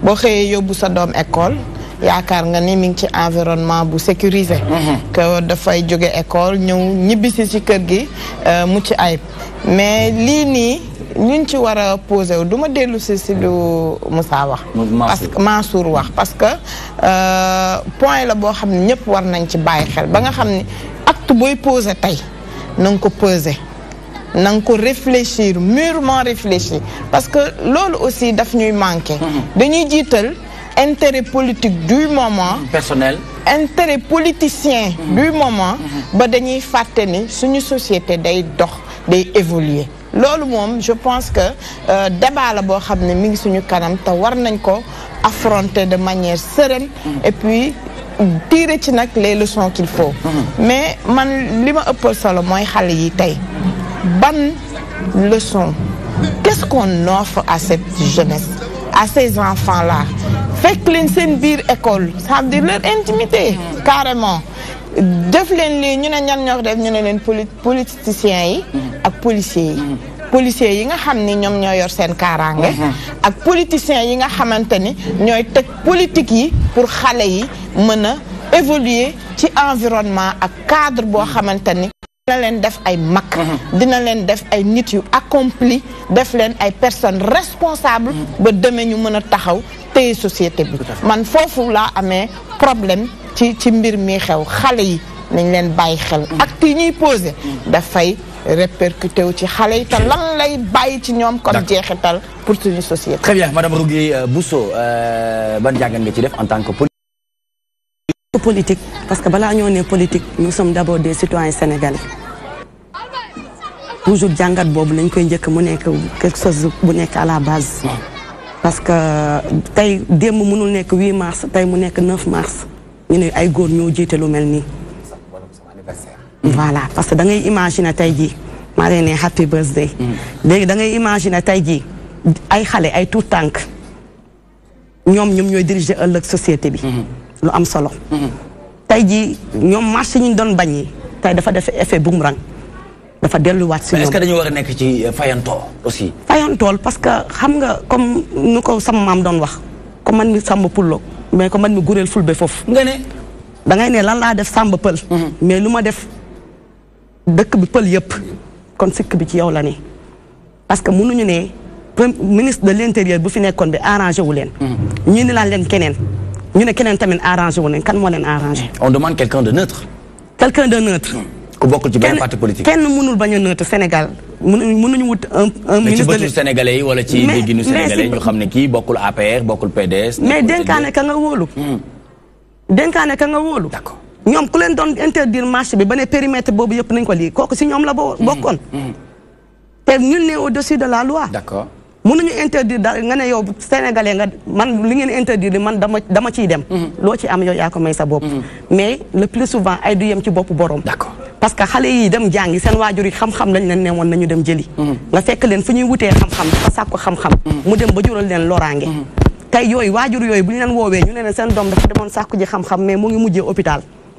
bo xëyee yóbbu sa doom école. yaakaar nga ni mi ngi ci environnement bu sécurisé. Mhm. que dafay jóge école ñëw ñibbisi ci kër gi euh, mu ci ayib mais lii nii luñ ci war a posé wu du ma dellu si si lu Moussa wax. parce que Mansour wax parce que euh, point la boo xam ne ñëpp war nañ ci bàyyi xel ba nga xam ne acte booy posé tey na nga ko posé. na nga ko réfléchir mûrement réfléchir parce que loolu aussi daf ñuy manqué. Mm-hmm. dañuy jiital intérêt politique du moment. personnel. intérêt politicien. Mm-hmm. du moment. Mm-hmm. ba dañuy fàtte ni suñu société day dox day évoluer loolu moom je pense que euh, débat la boo xam ne mi ngi suñu kanam te war nañ ko affronter de manière sereine mm-hmm. et puis tirer ci nag les leçons qu'il faut mm-hmm. mais man li ma ëppal solo mooy xale yi tey ban leçon qu'est-ce qu'on offre à cette jeunesse à ces enfants là faites leen seen biir école ça veut dire leur intimité mm-hmm. carrément def leen li ñu ne ñan ñoo def ñu ne leen politiciens yi. Mhm. ak policiers yi. Mhm. policiers yi nga xam ni ñoom ñoo yor seen kaaraange. Mhm. ak politiciens yi nga xamante ni ñooy teg politique yi pour xale yi mën a évoluer ci environnement ak cadre boo xamante ni. dina leen def ay mag dina leen def ay nit yu accompli def leen ay personnes responsables ba demee ñu mën a taxaw téye société bi man foofu laa amee problème ci ci mbir mii xew xale yi nañ leen bàyyi xel mm. acte yi ñuy posé mm. dafay répercuté wu ci xale yi te lan lay bàyyi ci ñoom comme jeexital pour suñu société très bien madame Rougui euh, Bousso euh, ban jàngat nga ci def en tant que politique parce que balaa ñoo ne politique nous sommes d'abord des citoyens sénégalais toujours jàngat boobu lañ koy njëkk mu nekk quelque chose bu nekk à la base mm. parce que euh, tey démb mënul nekk 8 mars tey mu nekk 9 mars ñu ne ay góor ñoo jiite lu mel nii. voilà parce que da ngay imaginer tey jii maa leen ne happy birthday. Mm. léegi da ngay imaginer tey jii ay xale ay tout tànk ñoom ñoom ñooy diriger ëllëg société bi. Mm-hmm. lu am solo. Mm-hmm. tey jii ñoom marché ñu doon bañ yi tey dafa def effet boomerang dafa delluwaat si ñoom. est-ce que war a nekk ci fayantoo aussi. fayantool parce que xam nga comme nu ko sama maam doon wax. ko man mi sàmba pulloog mais ko man mi gureel fulbe foofu nga ne da ngay ne lan la def sàmba pël mhm. mais luma def dëkk bi pël yep kon sik bi ci yow la ne parce que mënuñu ne ministre de l'intérieur bu fi nekkoon bi arrangé wu leen mhm. ñu ni lan len kenen ñu ne kenen tamit arrangé wu kan mo len arrangé on demande quelqu'un de neutre quelqu'un de neutre ko bokkul ci benn parti politique kenn mënul baña neutre Sénégal mun nañu wut un un ministre de ci sénégalais yi wala ci dégginu sénégalais ñu xam ne kii bokkul APR bokkul PDS. mais dénkaane ka nga wóolu. Hmm. dénkaane ka nga wóolu. d'accord ñoom ku leen doon interdire marché bi ba ne périmètre boobu yëpp nañ ko lii kooku si ñoom la bo hmm. bokkoon. Hmm. te nul n'est au-dessus de la loi. d'accord mënuñu interdire da nga ne yow sénégalais nga man li ngeen interdire man dama dama ciy dem. loo ci am yow yaa ko may sa bopp. mais le plus souvent ay du yem ci bopp borom. d'accord parce que xale yi dem jàngi seen waajur yi xam-xam lañ leen ne woon nañu dem jëli nga fekk leen fu ñuy wutee xam-xam dafa sàkku xam-xam mu dem ba jural leen loraange tey yooyu waajur yooyu bu ñu leen woowee ñu ne leen seen doom dafa demoon sàkku ji xam-xam mais mu ngi mujjee hôpital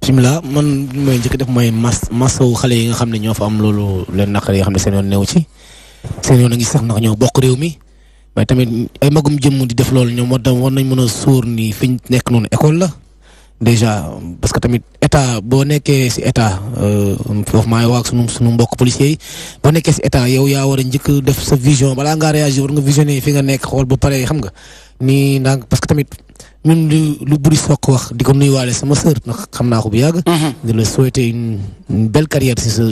bisimilah man li may njëkk def mooy mas wu xale yi nga xam ne ñoo fa am loolu leen naqar yi xam ne seen yoon neew ci seen yoon a ngi sax ndax ñoo bokk réew mi waaye tamit ay magum jëmm di def loolu ñoom war na war nañ mën a sóor ni nekk noonu école la déjà parce que tamit état boo nekkee si état euh, foofu maa ngi wax sunu sunu mbokk policiers yi boo nekkee si état war a njëkk def sa vision balaa ngaa réagir war nga visionner fi nga nekk xool ba pare xam nga nii ndax parce que tamit. même lu lu Buri Sokk wax di ko nuyuwaale sama sœur na xam naa ko bu yàgg. Mhm. di la souhaiter une belle carrière si sa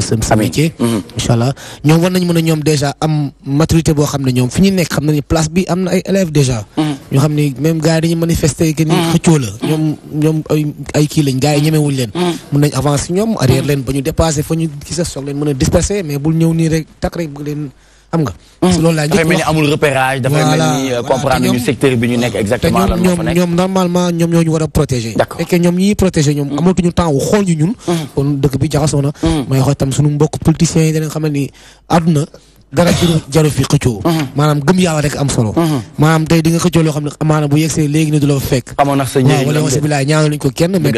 sa sa métier. Mhm. allah ñoom war nañ mën a ñoom déjà am maturité boo xam ne ñoom fi ñu nekk xam nañu place bi am na ay élèves déjà. Mhm. ñoo xam ne même gars yi dañuy manifester que ni xëccoo la. ñoom ñoom ay ay kii lañ gars yi ñemewuñ leen. mun nañ avancer ñoom arrière leen ba ñu dépasser fa ñu gis a soog leen mën a disperser mais bul ñëw nii rek tak rek bëgg leen. xam nga. Mm. parce que loolu laa dafay mel ni amul repérage. dafay mel ni euh, comprendre ñu secteur bi ñu nekk exactement. lan moo fa nekk ñoom normalement ñoom ñoo ñu war a protéger. d'accord fekkee ñoom ñi protéger ñoom. Mm. amatuñu temps wu xool ñu ñun. Mm. kon dëkk bi jaxasoo na. may xool tam suñu mbokk politiciens yi dinañ xam dara jëru jaru fi xëccoo mhm. maanaam gëm yàlla rek am solo mhm. maanaam bu yegsee léegi ni du la fekk waaw wala wasi bilaay ñaanal luñ ko kenn mais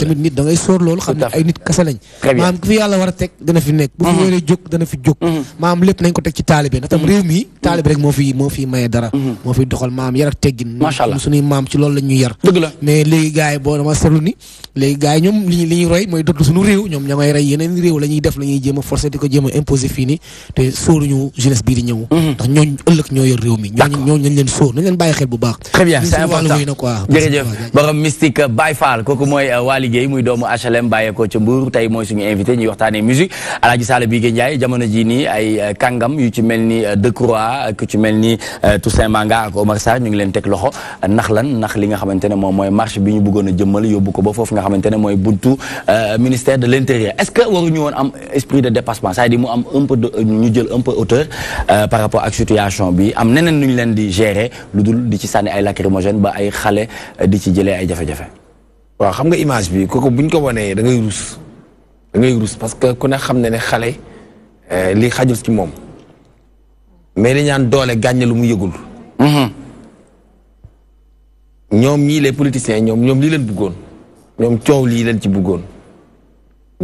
mhm. ko teg ci taalibe ndax tam réew mi taalibe rek moo fi moo dara moo fi doxal maanaam yar ak teggin suñuy maam ci loolu lañ yar mais léegi gars yi boo dama seetlu léegi gars ñoom li ñu li la ñuy def la ñuy jéem a forcé di ko jéem a imposé te sóoruñu jeunesse bii di ñëw mhm. ndax ñooñu ëllëg ñoo yor réew mi ñooñu leen sóor xel bu baax très bien c'est important na quoi jërëjëf kooku mooy euh, waa muy doomu HLM bàyyeekoo ca Mbour tey mooy suñu invité ñuy waxtaanee musique Alaaji Sala Bigué Ndiaye jamono ji nii ay euh, kàngam yu ci mel ni euh, Decroix ku ci mel ni Toussaint Manga ak Omar Sarr ñu leen teg loxo ndax lan nga xamante ne moom mooy marche bi ñu a jëmmal yóbbu ko ba foofu nga xamante ne mooy buntu ministère de l'intérieur est-ce que waruñu Euh, par rapport ak situation bi am neneen nu ñu leen di gérer lu dul di ci sànni ay lacrymogène ba ay xale euh, di ci jëlee ay jafe-jafe. waaw xam nga image bi kooku buñ ko wanee da ngay rus da ngay rus parce que ku ne xam ne ne xale euh, li xajul ci moom mais dañ naan doole gàññe lu mu yëgul. Mhm. ñoom ñii les politiciens ñoom ñoom lii leen buggoon ñoom coow lii leen ci bëggoon.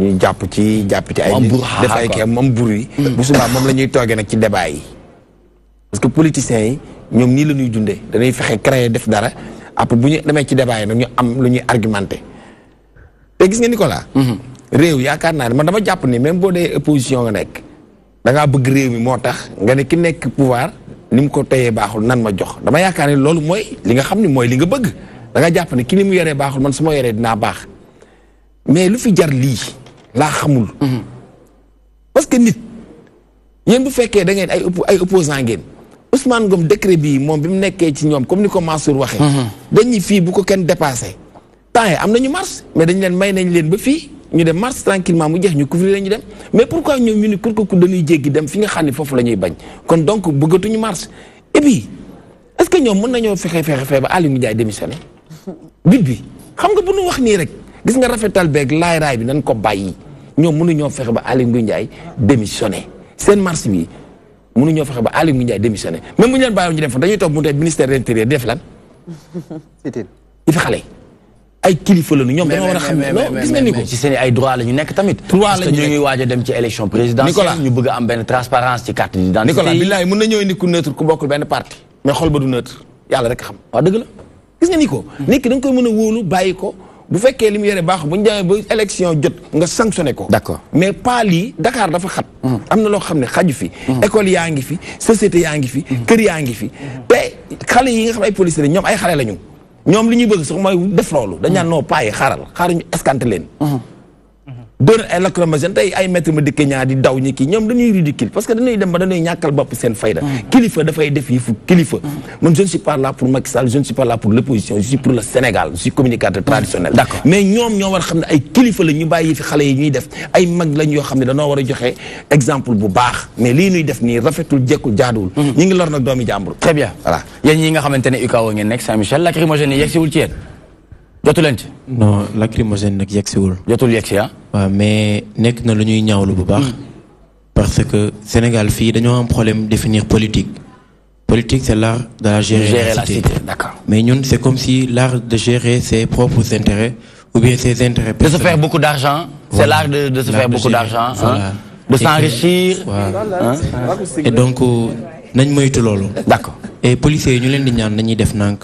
ñu japp ci ci ay def ay kii moom bur bu suba mom lañuy togué nak ci débat yi parce que politiciens yi ñom ni lañuy ñuy dañuy fexé créer def dara après buñu démé ci débat yi nak ñu am luñuy argumenter té gis nga Nicolas hmm. réew yaakaar naa ne man dama japp ni même bo dé opposition nga nek da nga bëgg réew mi moo tax nga ne ki nek pouvoir nim ko tayé baxul nan ma jox dama yaakaar ni loolu moy li nga xamni moy li nga bëgg da nga japp ni ki nim mu baxul man suma ma dina bax mais lu fi jar li laa xamul. parce que nit yéen bu fekkee da ngeen ay ay opposant ngeen Ousmane Ngom décret bii moom bi mu nekkee ci ñoom comme ni ko Mansour waxee. Mhm. dañuy fii bu ko kenn dépassé. temps yi am nañu marche mais dañu leen may nañ leen ba fii ñu dem marche tranquillement mu jeex ñu couvrir la ñu dem mais pourquoi ñoom ñu ni pour que dañuy jéggi dem fi nga xam ne foofu la ñuy bañ kon donc bëggatuñu marche et puis que ñoom mën nañoo fexe fexe fexe ba Aliou Ndiaye démissionné bit bi xam nga bu wax nii rek. gis nga rafetal beeg laay raay bi nañ ko bàyyi ñoom mënuñoo fexe ba Aly Ngouille Ndiaye démissionné seen marche bi mënuñoo fexe ba Aly Ngouille Ndiaye démissionné même bu ñu leen bàyyiwoon ñu dem fa dañuy toog mu tey ministère de l'intérieur def lan. itam fi xale ay kilifa la ñu ñoom dañoo war a xam dem ci élection présidentielle. ñu bëgg a am benn transparence ci carte d'identité. Nicolas billaay mën na ñëw indi ku neutre ku bokkul benn parti mais ba du neutre yàlla la gis nga ni ko nekk da nga ko bu fekkee li mu yore baax bu ñu demee ba élection jot nga sanctionné ko. d'accord mais pas lii Dakar dafa xat. Hmm. am na loo xam ne xaju fi. Hmm. école yaa ngi fi société yaa ngi fi. Hmm. kër yaa ngi fi te xale yi nga xam ne ay policiers lañ ñoom ay xale lañu ñoom li ñuy bëgg sax mooy def loolu. dañ naan noo paayee xaaral ñu escanté leen. dóor ay lacrymogène tey ay maître ma dikke ñaar di daw ñi kii ñoom dañuy ridicule parce que dañuy dem ba dañuy ñàkkal bopp seen fayda mm. kilifa dafay def yi fu kilifa mm. man je ne suis pas là pour Macky Sall je ne suis pas là pour l'opposition je suis pour le Sénégal je suis communicateur mm. traditionnel mais ñoom ñoo war a xam ne ay kilifa la ñu bàyyi fi xale yi ñuy def ay mag lañ yoo xam ne dañoo war a joxe exemple bu baax mais lii ñuy def nii rafetul jekkul jaaduwul ñi ngi lor nag doomi jàmbur très bien voilà yéen ñi nga xamante ne UCAO ngeen nekk Saint-Michel lacrymogène yi yegg ci yéen non lacrymogène nag C'est jotul yegsi ah. mais nek na lu ñuy ñaawlu bu baax. Hmm. parce que Sénégal y a un problème définir politique. politique c'est l'art de gérer, la cité. d'accord. mais ñun c'est comme si l'art de gérer ses propres intérêts ou bien ses intérêts. de se faire beaucoup d'argent. c'est l'art de de se faire beaucoup d'argent. Hein. de s'enrichir. et hein. donc euh, nañ moytu lolu d'accord. et policiers ñu leen di ñaan nañuy def nank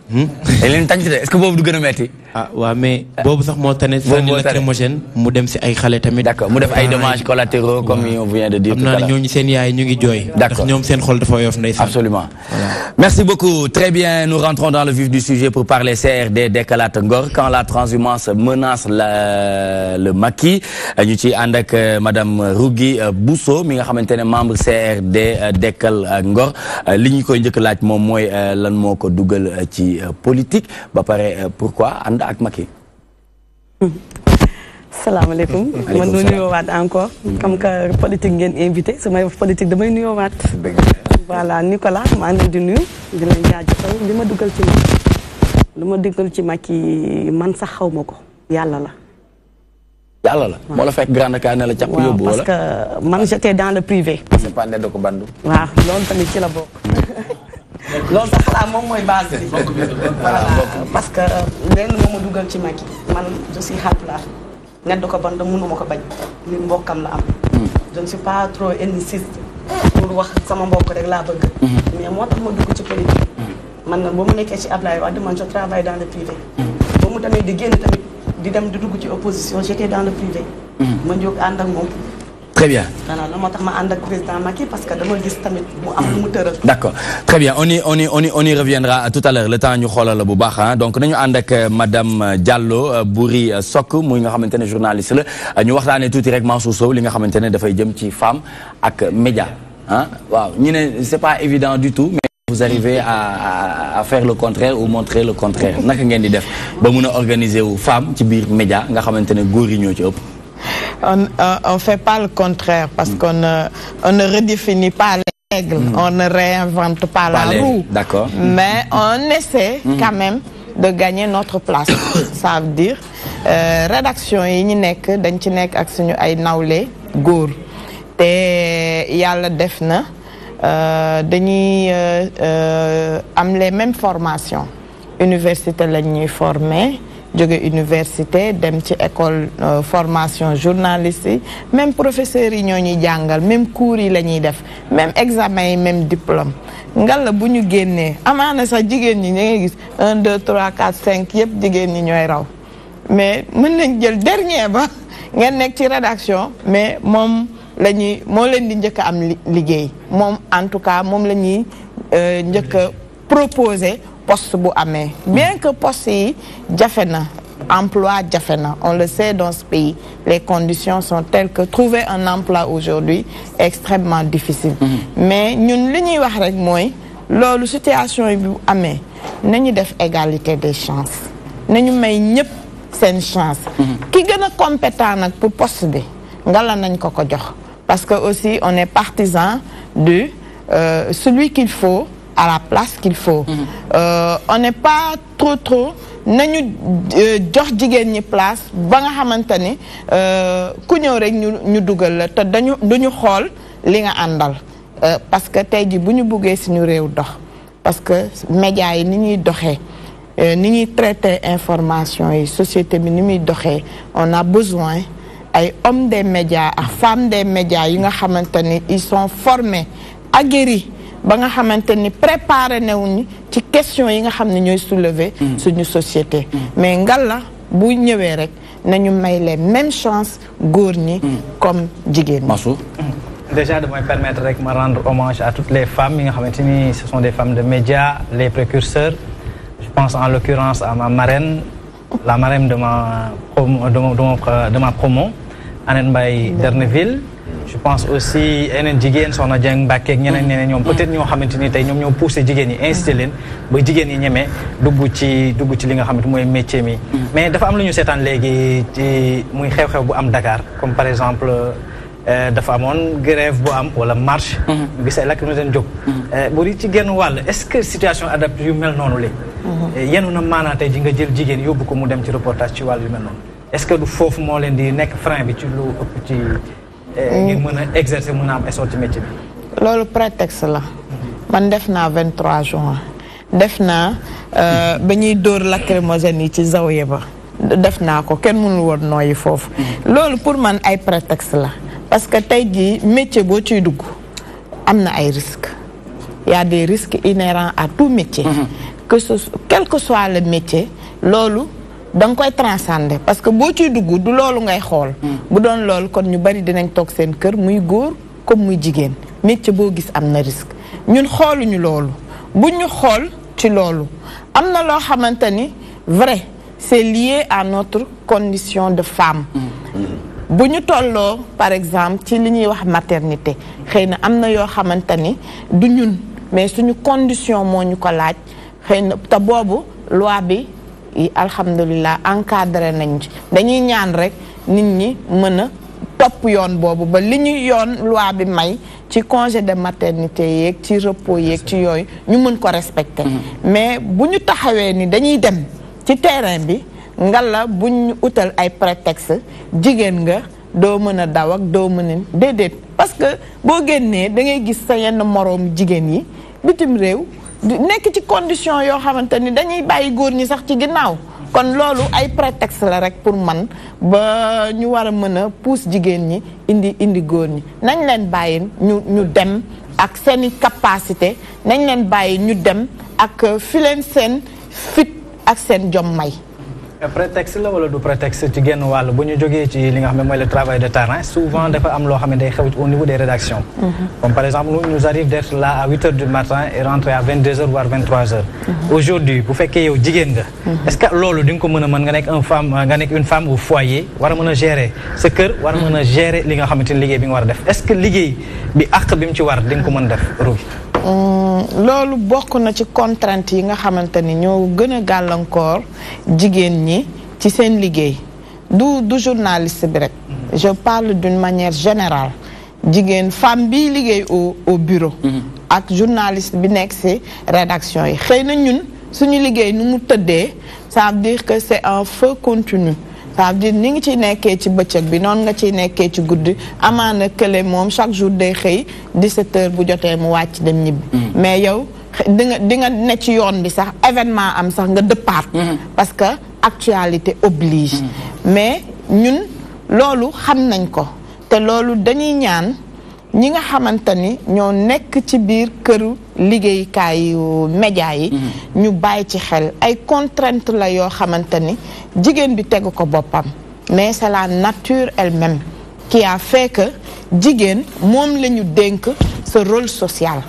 Hmm? est-ce que ah, mais d'accord absolument merci beaucoup très bien nous rentrons dans le vif du sujet pour parler CRD quand la transhumance menace le maquis Nous euh, madame euh, Bousso mi membre CRD euh, Euh, politique ba pare euh, pourquoi ànd ak Macky. salaamaaleykum man ma nuyoowaat encore. comme que politique ngeen invité su may politique damay nuyoowaat. dëgg voilà Nicolas maa ngi leen di nuyu di leen jaajëfal li ma dugal ci Macky li ma dugal ci Macky man sax xaw ko yàlla la. yàlla la moo la fekk Grand Dakar ne la càpp yóbbu wala parce que man j'étais dans le privé. loolu tamit ci la bokk. lool sax xalaat moom mooy base bi. voilà parce que euh, lenn moo ma dugal ci Macky man je suis Haalpulaar nedd ko ban da mënuma ko bañ li mbokkam la am. Hmm. je ne suis pas trop ethniciste pour wax sama mbokk rek laa bëgg. Hmm. mais moo tax ma dugg ci politique. Hmm. man nag ba mu nekkee ci Ablaye di man je travaille dans le privé. ba mu tamit di génn tamit di dem di dugg ci opposition j'étais dans le privé. ma jóg ànd ak moom. Très bien. d'accord très bien on y reviendra tout à l'heure le temps hein. donc nous euh, madame euh, Diallo euh, Bourri Sokou, qui est une journaliste nous femme média médias. Hein. waaw pas évident du tout mais vous arrivez à faire le contraire ou montrer le contraire naka ngeen femme on, on fait pas le contraire parce qu'on ne, euh, on ne redéfinit pas les règles, mm. on ne réinvente pas, la roue. D'accord. Mm. Mais on essaie mm. quand même de gagner notre place. Ça veut dire euh, rédaction yi ñu dañ ci ak suñu ay nawlé il y yalla def euh, dañuy euh, am les mêmes formations université lañ ñuy former. jóge université dem ci école euh, formation journaliste yi même professeurs yi ñoo ñuy jàngal même cours yi la ñuy def même examen yi même diplôme la bu ñu génnee amaana sax jigéen ñi ñu ngi gis un deux trois quatre cinq yëpp jigéen ñi ñooy raw mais mën nañ jël dernier ba ngeen nekk ci rédaction mais moom la ñuy moo leen di njëkk a am liggéey moom en tout cas moom la ñuy euh, njëkk a proposé poste bien que poste yi emploi on le sait dans ce pays les conditions sont telles que trouver un emploi aujourd'hui est extrêmement difficile mhm. mais nous li ñuy wax rek moy lolu situation est bu amé nañu def égalité des chances nañu may ñep sen chance mhm. ki gëna compétent nak pour poste bi nga la nañ ko ko jox parce que aussi on est partisan de euh, celui qu'il faut à la place qu'il faut. Mhm. euh, on n'est pas trop trop Nous avons une place ba nga xamante ni euh, ku ñëw rek ñu ñu dugal dañu duñu li nga euh, parce que tey ji bu ñu buggee parce que médias yi ni ñuy doxee euh, ni ñuy traiter information et société bi ni on a besoin ay hommes des médias ak femmes des médias yi nga ils sont formés aguerris ba nga xamante ni préparé ni ci question yi nga xam ne mm. société mm. mais ngal la bu ñëwee rek les mêmes chances góor mm. comme jigéen Déjà, de me permettre de rendre hommage à toutes les femmes. Ce sont des femmes de médias, les précurseurs. Je pense en l'occurrence à ma marraine, la marraine de ma, de ma promo, anne Bay Derneville je pense aussi yeneen jigéen soxna Dieng Mbackeeg ñeneen ñeneen ñoom mm-hmm. peut-être ñoo xamante ni tey ñoom ñoo poussé jigéen ñi incité leen ba jigéen ñi ñemee dugg ci dugg ci li nga xamante mooy métier mi mm-hmm. mais dafa am lu ñu seetaan léegi ci muy xew-xew bu am Dakar comme par exemple euh, dafa amoon grève bu am wala marche mm-hmm. gisa lakk na leen jóg euh, bu di ci genn wàll est-ce que situation adaptée yu mel noonu la euh, yenu na maanaa tey ji nga jël jigéen yóbbu ko mu dem ci reportage ci wàll yu mel noonu est-ce que du foofu moo leen di nekk frein bi ci lu ëpp ci Eh, mm. ngir mën a exercer mën a am essor ci métier bi. loolu prétexte la. man def naa 23 juin. def naa euh, ba ñuy dóor lacrymogène yi ci zawiya ba. def naa ko kenn mënul woon nooyi foofu. loolu pour man ay prétexte la. parce que tey jii métier boo ciy dugg am na ay risques. y des risques inhérents à tout métier. Mm-hmm. que ce quel que soit le métier loolu. dang koy transcender parce que bo ci dugg du loolu ngay xol hmm. bu don loolu kon ñu bari dinañ tok seen kër muy goor comme muy jigéen métier bo gis Amna risque ñun xooluñu loolu bu ñu xol ci loolu amna lo loo vrai c'est lié à notre condition de femme. Hmm. Hmm. bu ñu tolloo par exemple ci li ñuy wax maternité xeyna amna yo na du ñun mais suñu condition moo ñu ko laaj xeyna ta bobu loi bi. alhamdulilah encadré nañ ci dañuy ñaan rek nit ñi mën a topp yoon boobu ba li ñuy yoon loi bi may ci congé de maternité yeeg ci repos yeeg ci yooyu ñu mën ko respecter. Mm-hmm. mais bu ñu taxawee ni dañuy dem ci terrain bi ngalla buñ ñu utal ay prétexte jigéen nga doo mën a daw ak doo mën a déedéet parce que boo génnee da ngay gis sa yenn moroomu jigéen yi bitim réew. nekk ci condition yoo xamante ni dañuy bàyyi góor ñi sax ci ginnaaw kon loolu ay prétexte la rek pour man ba ñu war a mën a pousse jigéen ñi indi indi góor ñi nañ leen bàyyi ñu ñu dem ak seeni capacité nañ leen bàyyi ñu dem ak fi leen seen fit ak seen jommay prétexte la wala du prétexte ci genn wàll bu ñu jógee ci li nga xam ne mooy le travail de terrain souvent dafa am loo xam ne day xew au niveau des rédactions mhm. comme par exemple nous nous arrive d'être là à huit heures du matin et rentrer à vingt deux heures voire vingt trois heures mhm. aujourd'hui bu fekkee yow jigéen nga mhm. est-ce que loolu di nga ko mën a mën nga nekk un femme nga nekk une femme au foyer war a mën a gérer sa kër war a mën a gérer li nga xamante ni liggéey bi nga war a def est-ce que liggéey bi àq bi mu ci war di nga ko mën def Mm, lolu bokk na ci contrainte yi nga xamante ñoo gëna a encore. jigéen ñi ci seen liggéey du du journaliste bi rek. Mm-hmm. je parle d'une manière générale jigen femme bi liggéey au au bureau. Mm-hmm. ak journaliste bi nekk ci rédaction yi xëy na ñun suñu liggéey nu mu tëddee ça veut dire que c'est un feu continu. ça veut dire ni ngi ciy nekkee ci bëccëg bi noonu nga ciy nekkee ci guddi amaana kële moom chaque jour day xëy 17 heures bu jotee mu wàcc dem ñibbi mm-hmm. mais yow di nga di nga ne ci yoon bi sax événement am sax nga dëppaat mm-hmm. parce que actualité oblige mm-hmm. mais ñun loolu xam nañ ko te loolu dañuy ñaan ñi nga xamante ni ñoo nekk ci biir këru liggéeykaayu média yi mhm. ñu bàyyi ci xel ay contraintes la yoo xamante ni jigéen bi tegu ko boppam mais c'est la nature elle-même qui a fait jigéen moom lañu dénk ce rôle social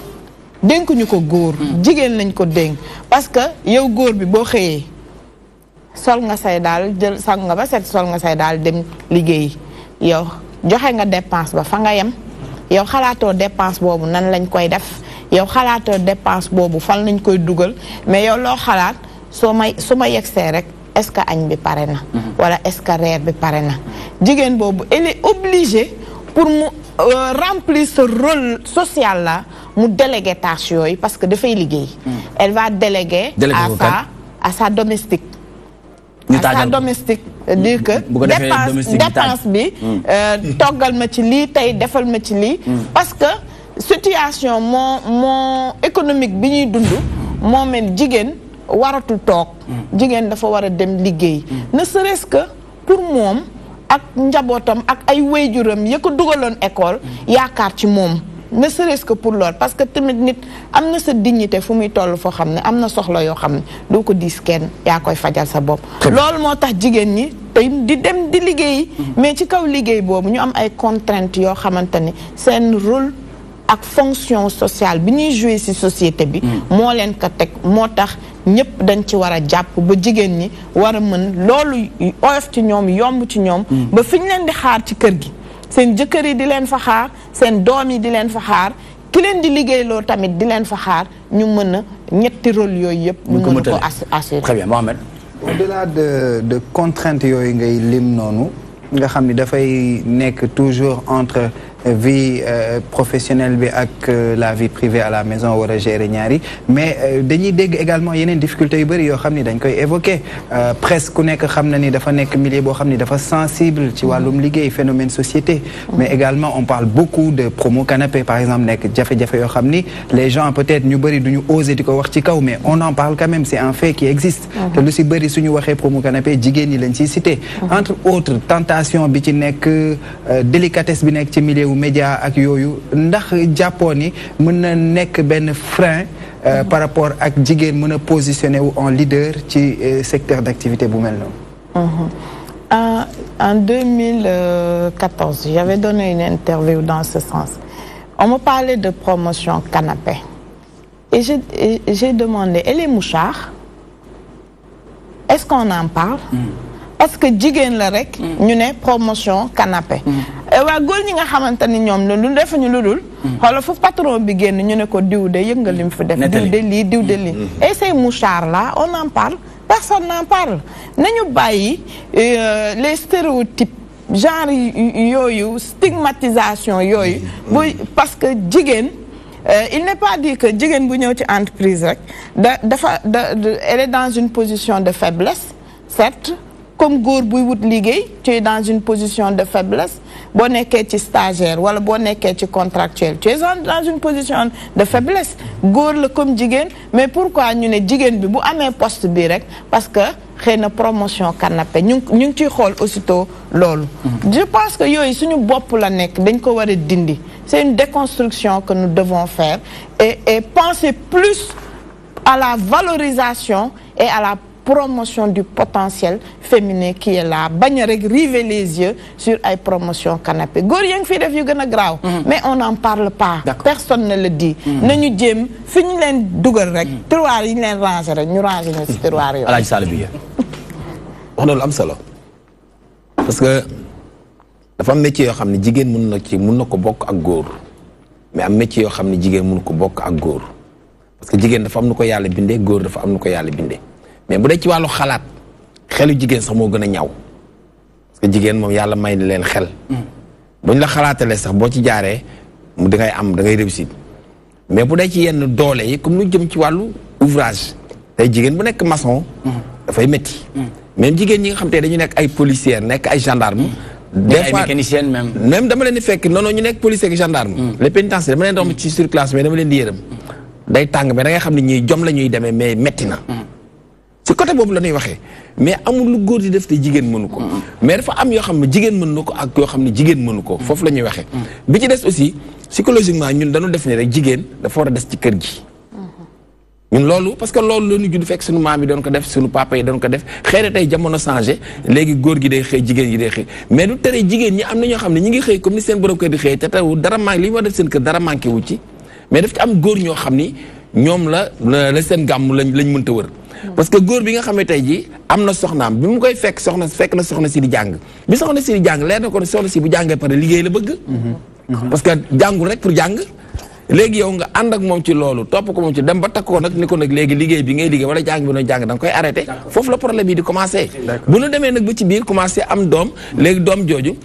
dénk ñu ko góor mhm. jigéen lañ ko dénk parce que yow góor bi boo xëyee sol nga say daal jël sang nga ba set sol nga say daal dem liggéey yow joxe nga dépense ba fa nga yem yow xalaatoo dépense boobu nan lañ koy def yow xalaatoo dépense boobu fan lañ koy dugal mais yow loo xalaat soo may su ma yegsee rek est-ce que añ bi pare na mhm. wala est-ce que reer bi pare na jigéen boobu elle est obligée pour mu euh, remplir ce rôle social là mu déléguer tâche yooyu parce que dafay liggéey mhm. elle va déléguer à sa à sa domestique ñu taajal domestique dire que dépense bi hmm. euh, toggal ma ci lii tey defal ma ci lii hmm. parce que situation moo économique bi ñuy dund moo mel jigéen waratul toog hmm. jigéen dafa war a dem liggéey ne serait-ce pour moom ak njabootam ak ay wéyjuram ya ko dugaloon école yaakaar ci moom ne serait-ce que pour l'or parce que tamit nit am sa dignité fu muy toll foo xam am soxla yoo xam ne doo ko diis kenn yaa koy fajal sa bopp loolu moo tax jigéen ñi di dem di liguey mm-hmm. mais ci kaw liguey bobu ñu am ay contraintes yo xamante sen rôle ak fonction sociale bi ñuy jouer ci société bi mo mm-hmm. len ka tek motax ñepp dañ ci wara japp jàpp ba jigéen ñi war a mën loolu oyof ci ñom yomb ci ñom mm-hmm. ba fiñ len di xaar ci kër gi seen jëkkër di leen fa xaar seen di leen fa ki leen di liggéeyloo tamit di leen fa ñu ñetti très bien Mohamed. au-delà de de contraintes yooyu ngay lim nga toujours entre vie euh, professionnelle bi ak euh, la vie privée à la maison war géré ñaari mais euh, dañuy dégg également yeneen difficultés yu bëri yoo xam ni dañ koy évoquer presse ku nekk xam na ni dafa nekk milieu boo xam ni dafa sensible ci wàllum liggéey phénomène société mm. mais également on parle beaucoup de promo canapé par exemple nekk jafe-jafe yoo xam les gens peut-être ñu bëri duñu oser di ko wax ci kaw mais on en parle quand même c'est un fait qui existe mm. te lu si bëri suñu waxee promo canapé jigéen ñi lañ ciy cité mm. entre autres tentation bi ci nekk délicatesse bi nekk ci milieu médias média ak yoyu ndax jàppoo ni frein euh, mhm. par rapport à jigen mën positionner en leader ci euh, secteur d'activité mhm. ah, en 2014 j'avais donné une interview dans ce sens on me parlait de promotion canapé et j'ai demandé et les mouchards est-ce qu'on en parle mhm parce que jigen la rek. Mm. ñu ne promotion canapé. Mm. wa gol ñi nga xamante ñom ñoom la lu defuñu lu dul. Mm. fu patron bi genn ñu ne ko diw de yëngal lim fi def. diw de diw de li et ces mouchards là on en parle personne n'en parle nañu bayyi euh, les stéréotypes. genre yooyu stigmatisation yooyu. parce que jigéen euh, il n'est pas dit que Jigen bu ñëw entreprise elle est dans une position de faiblesse certes comme gour, buy wut tu es dans une position de faiblesse boo nekkee ci stagiaire wala boo nekkee ci contractuel tu es dans une position de faiblesse góor la comme jigéen mais pourquoi nous ne jigéen bi bu amee poste bi rek parce que xëy na promotion canapé ñu ñu ngi ciy xool aussitôt loolu mm-hmm. je pense que yooyu suñu bopp la nekk dañ ko dindi c'est une déconstruction que nous devons faire et et penser plus à la valorisation et à la promotion du potentiel féminin qui est là bañ a rek les yeux sur ay promotion canapé góor yaa ngi fii def yu gën a mm-hmm. mais on n'en parle pas personne ne le dit mm-hmm. nañu jéem fi ñu leen dugal rek mm-hmm. tiroir yi ñu leen ranger rek ñu ranger ñu si tiroir yooyu Alaaji Sall bi wax na lu parce que dafa am métier yoo xam ne jigéen mën na ci mën na ko bokk ak góor mais am métier yoo xam ne jigéen mën ko bokk ak góor parce que jigéen dafa am nu ko yàlla bindee góor dafa am nu ko yàlla bindee mais bu dee ci wàllu xalaat xelu jigéen sax moo gën a ñaw parce que jigéen moom yàlla may na leen xel. Mm. buñ la xalaatalee sax boo ci jaaree mu da ngay am da ngay réussir mais bu dee ci yenn doole yi comme lu jëm ci wàllu ouvrage tey jigéen bu nekk maçon. Mm. dafay métti. Mm. même jigéen ñi nga xam te dañu nekk ay policière nekk ay gendarme. des fois mécanicienne même. même dama leen di fekk non non ñu nekk policier ak gendarme. les pénitentiaires dama leen di romb ci surclasse mais dama leen di yërëm. day tàng mais da xam ne ñii jom la demee mais métti ci côté boobu la ñuy waxee mais amul lu góor di def te jigéen mënu ko. mais dafa am yoo xam ne jigéen mën na ko ak yoo xam ne jigéen mënu ko. foofu la ñuy waxee. bi ci des aussi psychologiquement ñun dañu def ne rek jigéen dafa war des ci kër gi. ñun loolu parce que loolu la ñu fekk suñu maam yi doon ko def suñu papa yi doon ko def xëy tey jamono changé léegi góor gi day xëy jigéen gi day mais du tere jigéen ñi am na ñoo xam ne ñu ngi xëy comme ni seen borom kër di xëy te teewul dara manqué li ñu war def seen wu ci mais daf ci am góor ñoo xam ni ñoom la la seen gàmmu lañ lañ mënta wër parce que góor bi nga xam ne tey jii am na soxnaam bi mu koy fekk soxna fekk na soxna si di jàng bi soxna si di jàng leer na ko ne soxna si bu jàngee pare liggéey la bëgg. Mm-hmm. parce que jàngul rek pour jàng. léegi yow nga ànd ak moom ci loolu topp ko moom ci dem ba takk ko nag ni ko nag léegi liggéey bi ngay liggéey wala jàng bi noonu jàng da nga koy arrêté foofu la problème yi di commencé bu nu demee nag ba ci biir commencé am doom léegi doom jooju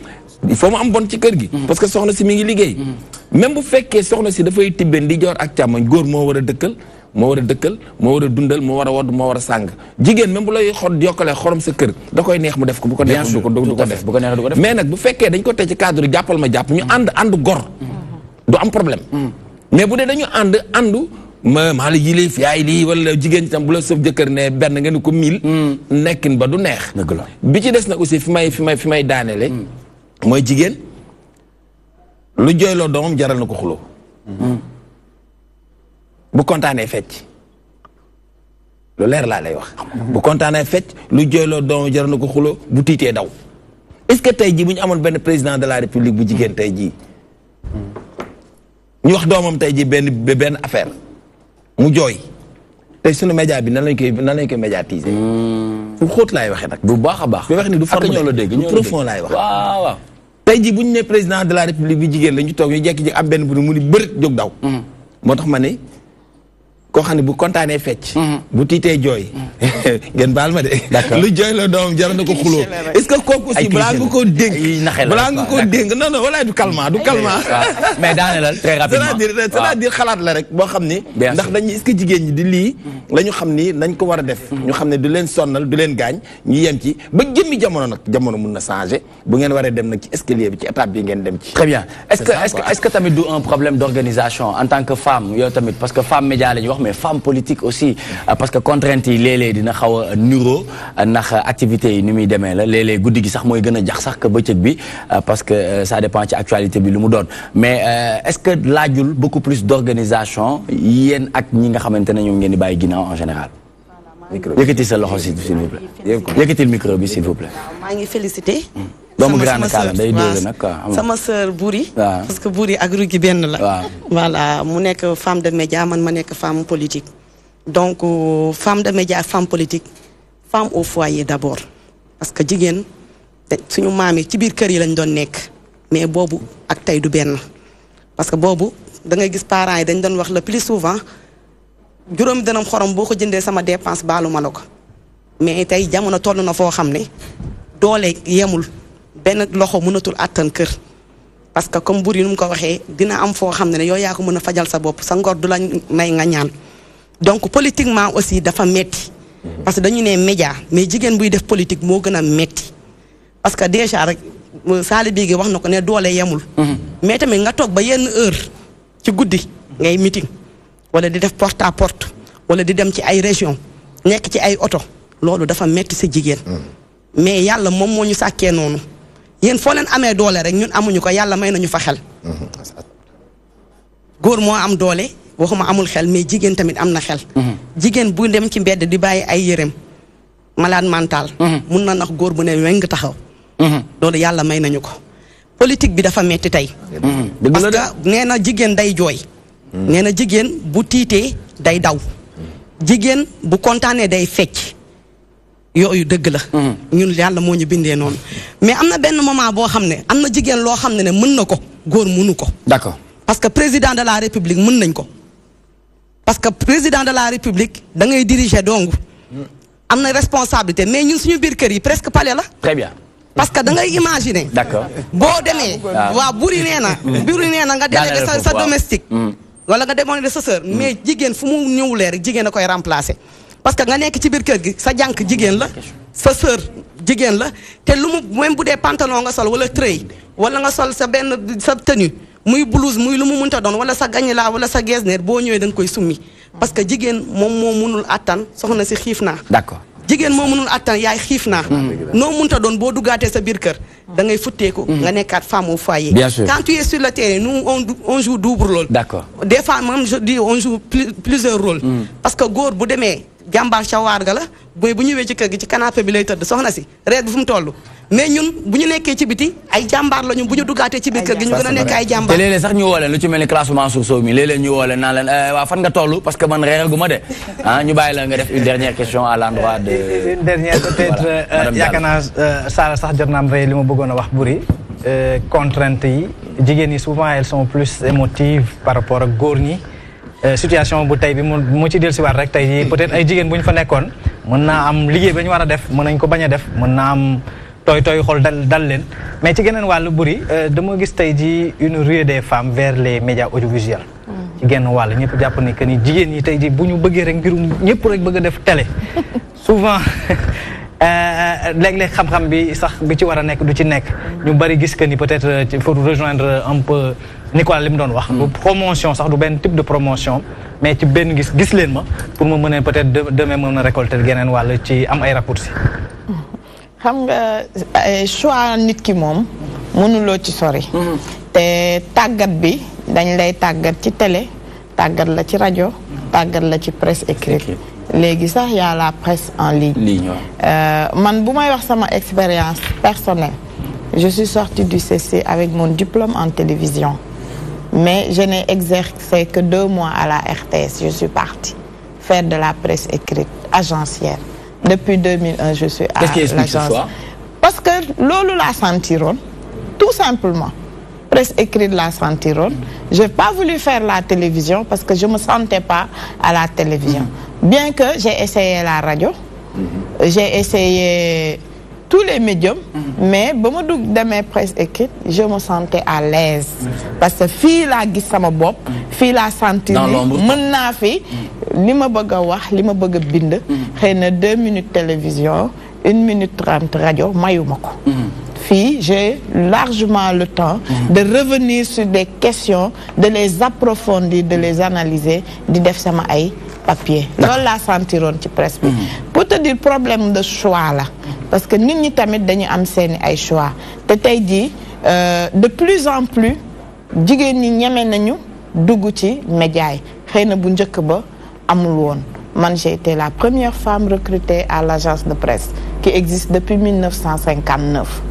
foo mu am bon ci kër gi mm-hmm. parce que soxna si mi ngi liggéey mm-hmm. même bu fekkee soxna si dafay tibbe ndi joor ak càmmoñ góor moo war a dëkkal moo war a dëkkal moo war a dundal moo war a wodd moo war a sàng jigéen même bu lay xo yokkalee xorom sa kër da koy neex mu def ko bu ko neex du ko du ko def mais nag bu fekkee dañ ko teg ci cadre jàppal ma jàpp ñu ànd ànd gor du am problème mais bu dee dañu ànd àndu ma maa la yilif yaay lii walla jigéen tam bu la sëf jëkkër ne benn nga ni ko mil nekkin ba du neex bi ci des na aussi fi may fi may fi may daanele mooy jigéen lu jooyloo doomam jaral na ko xuloo bu kontaanee fecc lu leer laa lay wax. bu kontaanee fecc lu jooyloo doom jar na ko xuloo bu tiitee daw. est-ce que tey jii bu ñu amoon benn président de la république bu jigéen tey jii. ñu wax doomam tey jii benn benn affaire mu jooy tey sunu média bi nan lañ koy nan lañ koy médiatiser. Hmm. fu xóot laay waxee nag. a baax. bi wax ni du forme ñoo dégg ñoo la dégg profond laay wax. bu ñu nee président de la république jigéen la ñu toog ñu jekki ji am benn bu mu ni bërit jóg daw. Hmm. moo tax ma ne. koo xam ne bu kontaanee fecc mhm. bu tiitee jooy mhm. ngeen baal ma de lu jooy la doom jar na ko xuloo est-ce que kooku aussi balaa nga koo dénk balaa nga koo dénk non non walaay du calmant du calmant mais daanelal très rapidement c'est-à-dire c'est-à-dire xalaat la rek boo xam ni ndax dañuy est-ce que jigéen ñi di lii mhm. la ñu xam ni nañ ko war a def ñu xam ne du leen sonnal du leen gaañ ñu yem ci ba jëmmi jamono nag jamono mun na changer bu ngeen waree dem nag ci escalier bi ci étape bi ngeen dem ci très bien est-ce que est-ce que tamit du un problème d'organisation en tant que femme yow tamit parce que femme média lañu wax wax mais femme politique aussi euh, parce que contrainte yi léeg-léeg dina xaw a nuroo euh, ndax activités yi ni muy demee la léeg-léeg guddi gi sax mooy gën a jax sax que bëccëg bi euh, parce que ça dépend ci actualité bi lu mu doon mais est-ce que laajul beaucoup plus d'organisation yéen ak ñi nga xamante ne ñoom ngeen di bàyyi ginnaaw en général yëkkati sa loxo s'il vous plaît yëkkati micro bi s'il vous plaît maa ngi félicité mm. doomu grand kaala day dóore nag quoi ah, sama sœur Buri parce que Buri ak Rugi benn la waaw voilà mu nekk femme de média man ma nekk femme politique donc euh, femme de média femme politique femme au foyer d'abord parce que jigéen suñu maam yi ci biir kër yi lañ doon nekk mais boobu ak tey du benn parce que boobu da ngay gis parents yi dañ doon wax la plus souvent juróomi dërëm xorom boo ko jëndee sama dépense baalu ma la ko mais tey jamono toll na foo xam ne doole yemul benn loxo mënatul àttan kër parce que comme buur yi nu mu ko waxee dina am foo xam ne ne yow yaa ko mën a fajal sa bopp sa ngor du la may nga ñaan donc politiquement aussi dafa metti parce que dañu ne média mais jigéen buy def politique moo gën a metti parce que déjà rek saali bii gi wax na ko ne doole yemul mais tamit nga toog ba yenn heure ci guddi ngay meeting wala di def porte à porte wala di dem ci ay région nekk ci ay oto loolu dafa metti si jigéen mm. mais yàlla moom moo ñu sàkkee noonu yéen foo leen amee doole rek ñun amuñu ko yàlla may nañu fa xel. góor moo am doole waxuma amul xel mais jigéen tamit am na xel. jigéen bu dem ci mbedd di bàyyi ay yërem malade mental. mun na nax góor bu ne weng taxaw. loolu yàlla may nañu ko. politique bi dafa metti tey. parce que nee na jigéen day jooy. nee na jigéen bu tiitee day daw. jigéen bu kontaanee day fecc. yooyu dëgg la. Mm-hmm. ñun yàlla moo ñu bindee noonu. mais am na benn moment boo xam ne am na jigéen loo xam ne ne mën na ko góor mënu ko. d'accord parce que président de la république mën nañ ko. parce que président de la république da ngay diriger donc. Mm-hmm. am na responsabilité mais ñun suñu biir kër yi presque palais la. très bien. parce que da ngay imaginer. d'accord boo demee. Ah. waaw buri nee na. Mm-hmm. buri nee na nga délégué sa sa domestique. wala nga délégué sa sœur. mais jigéen fu mu ñëwulee rek jigéen a koy remplacer parce que nga nekk ci biir kër gi sa jank jigen la sa sœur la même pantalon nga sol wala trey wala nga sol sa benn sa tenue muy blouse muy lumu les wala sa la wala sa koy parce que jigen mom mo mënul attan soxna ci xifna d'accord jigen mo mënul attan yaay xifna no mm. noo mënta doon boo sa se kër da ngay futteeku mm. nga femme au foyer bien sûr quand tu es sur le terrain nous on joue double rôle d'accord des fois je dis on joue plusieurs rôles mm. parce que gor bu démé jàmbaar ca waar ga la booy bu ñëwee ci kër gi ci canapé bi lay tëdd soxna si reer bi fu mu toll mais ñun bu ñu nekkee ci biti ay jàmbaar la ñun bu ñu duggaatee ci biir kër gi ñu gën a nekk ay jàmbaar te léeg-léeg ñu woo leen lu ci mel ni classe Mansour Sow mi léeg-léeg ñu woo leen naa leen eh, waa fan nga toll parce que man reeral gu ma de ah ñu bàyyi la nga def une dernière question à l'endroit de une dernière euh, euh, sax jot naa am li ma bëggoon a wax buri euh, contrainte yi jigéen yi souvent elles sont plus émotives par rapport ak góor ñi Euh, situation bu tey bi mu mu ci dellusiwaat rek tey jii peut-être ay jigéen bu ñu fa nekkoon mën naa am liggéey ba ñu war a def mën nañ ko bañ a def mën naa am tooy tooy xool dal dal leen mais ci geneen wàllu buri euh, dama gis tey jii une ruée des femmes vers les médias audiovisuels mm. ci genn wàll ñëpp jàpp ni que ni jigéen ñi tey ji bu ñu bëggee rek mbirum ñëpp rek bëgg def télé souvent euh, léeg-léeg xam-xam bi sax bi ci war a nekk du ci nekk mm. ñu bari gis que ni peut-être faut rejoindre un Nicolas li mu doon wax. Hmm. promotion sax du ben type de promotion mais ci ben gis gis len ma pour ma mën peut-être demain mën récolter genen wàll ci am ay raccourcis. xam nga euh, choix nit ki moom mënuloo ci sori. té hmm. tagat bi dañ lay tagat ci télé tagat la ci radio tagat la ci presse écrite. légui sax ya la presse en ligne. Euh, man bu may wax sama expérience personnelle je suis sortie du CC avec mon diplôme en télévision. Mais je n'ai exercé que deux mois à la RTS. Je suis partie faire de la presse écrite agencière. Depuis 2001, je suis à l'agence. Parce que Lolo la sentiron, tout simplement. Presse écrite la sentiron. Je n'ai pas voulu faire la télévision parce que je ne me sentais pas à la télévision. Mm-hmm. Bien que j'ai essayé la radio, mm-hmm. j'ai essayé tous les médiums. mais ba ma mes presse écrite je me sentais à l'aise parce que fii la gis sama bopp. fii laa sentir mon naa fi. li je bëgg a wax li je bëgg bind. deux minutes télévision une minute trente radio, mayu ma j'ai largement le temps. de revenir sur des questions de les approfondir de les analyser de def sama ay papier loolu la dans ci presse bi. pour te dire problème de choix là, parce que nous, nous tamit dañu am ay choix te euh, de plus en plus nous ni ñeme nañu dugg ci média yi bu njëkk ba j'ai été la première femme recrutée à l'agence de presse qui existe depuis 1959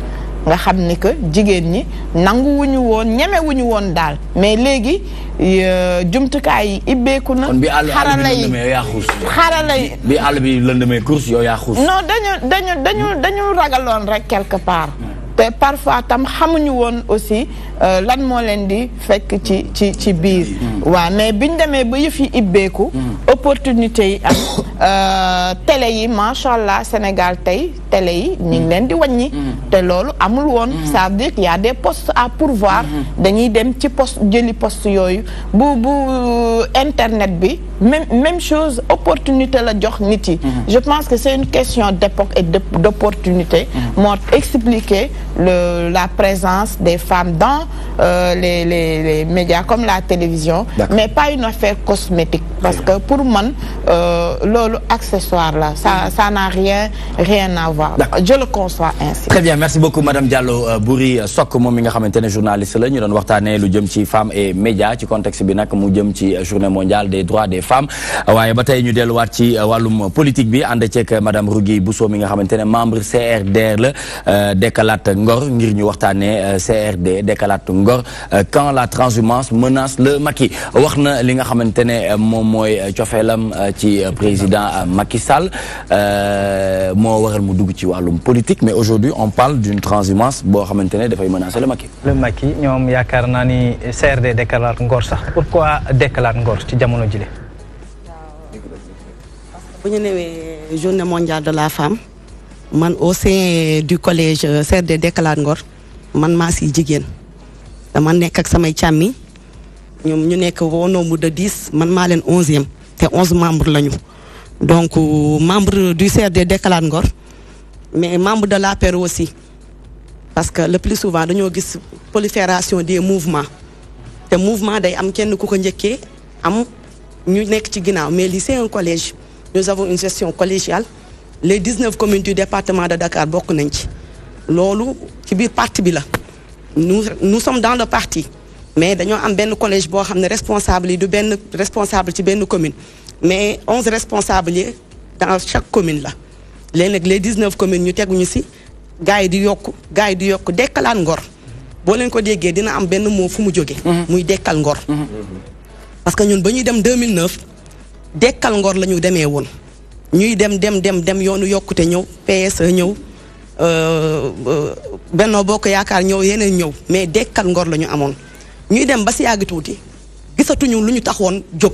nga xam ni que jigéen ñi nanguwuñu woon ñemewuñu woon daal mais léegi euh, jumtukaay yi ibbeeku na. xarala yi xarala yi bi àll bi lëndëmee course yow yaa xuus. non dañu dañu dañu dañu ragaloon rek quelque part. te parfois tam xamuñu woon aussi. Euh, lan mo len di fekk ci ci ci biir mm. waaw mais bi ñu demee ba yëf yi ibbeeku mm. opportunité yi am euh, télé yi macha allah Sénégal tey télé yi ñu ngi mm. leen di wàññi te loolu amul woon ça veut dire qu'il y a des postes à pourvoir mm-hmm. dañuy dem ci poste jëli poste yooyu bu bu euh, internet bi même même chose opportunité la jox nit yi mm-hmm. je pense que c'est une question d'époque et d'opportunité mm-hmm. moo expliquer le la présence des femmes dans euh, les, les, les, médias comme la télévision, mais pas une affaire cosmétique. Parce que pour moi, euh, l'accessoire, là, mm-hmm. ça n'a rien, rien à voir. Je le conçois ainsi. Très bien, merci beaucoup Madame Diallo euh, Bouri Sok, moom nga xamante journaliste nous avons parlé de lu jëm femmes et médias le contexte de euh, la journée mondiale des droits des femmes nous avons parlé ñu la politique bi ànd Madame Rougui Bousso mi nga membre CRDR la ngor ngor ngir ñu CRD décalate Fatou Ngor euh, quand la transhumance menace le Macky wax na li nga xamante ne euh, moom mooy euh, ci président Macky Sall mo waral mu dugg ci walum politique mais aujourd'hui on parle d'une transhumance bo xamantene da fay menacer le Macky. le Macky ñom yakarna ni CRD déclare Ngor sax pourquoi déclare Ngor ci jamono jilé bu ñu newee journée mondiale de la femme man au sein du collège CRD Dekalaat Ngor man ma si jigen dama nekk ak samay càmmi ñoom ñu nekk au nombre de dix man maa leen onzième te onze membres lañu donc euh, membre du CRD Dekalaat Ngor mais membre de la l'APR aussi parce que le plus souvent dañoo gis prolifération des mouvement te mouvement day am kenn ku ko njëkkee am ñu nekk ci ginnaaw mais lii c'est un collège nous avons une gestion collégiale les dix-neuf communes du département de Dakar bokk nañ ci loolu ci biir parti bi la nous nous sommes dans le parti mais nous avons un collège responsable de du responsable commune mais 11 responsables dans chaque commune là. les 19 communes nous sommes si gars du di du di ko dina am nous mot mhm. mhm. parce que ñun ba dem 2009 nous ngor lañu Nous won. ñuy dem dem dem dem yoonu PS e Euh, euh, Benno Bokk Yaakaar ñëw yeneen ñëw mais dekkal ngor la ñu amoon ñuy dem ba si yàgg tuuti gisatuñu lu ñu taxoon jóg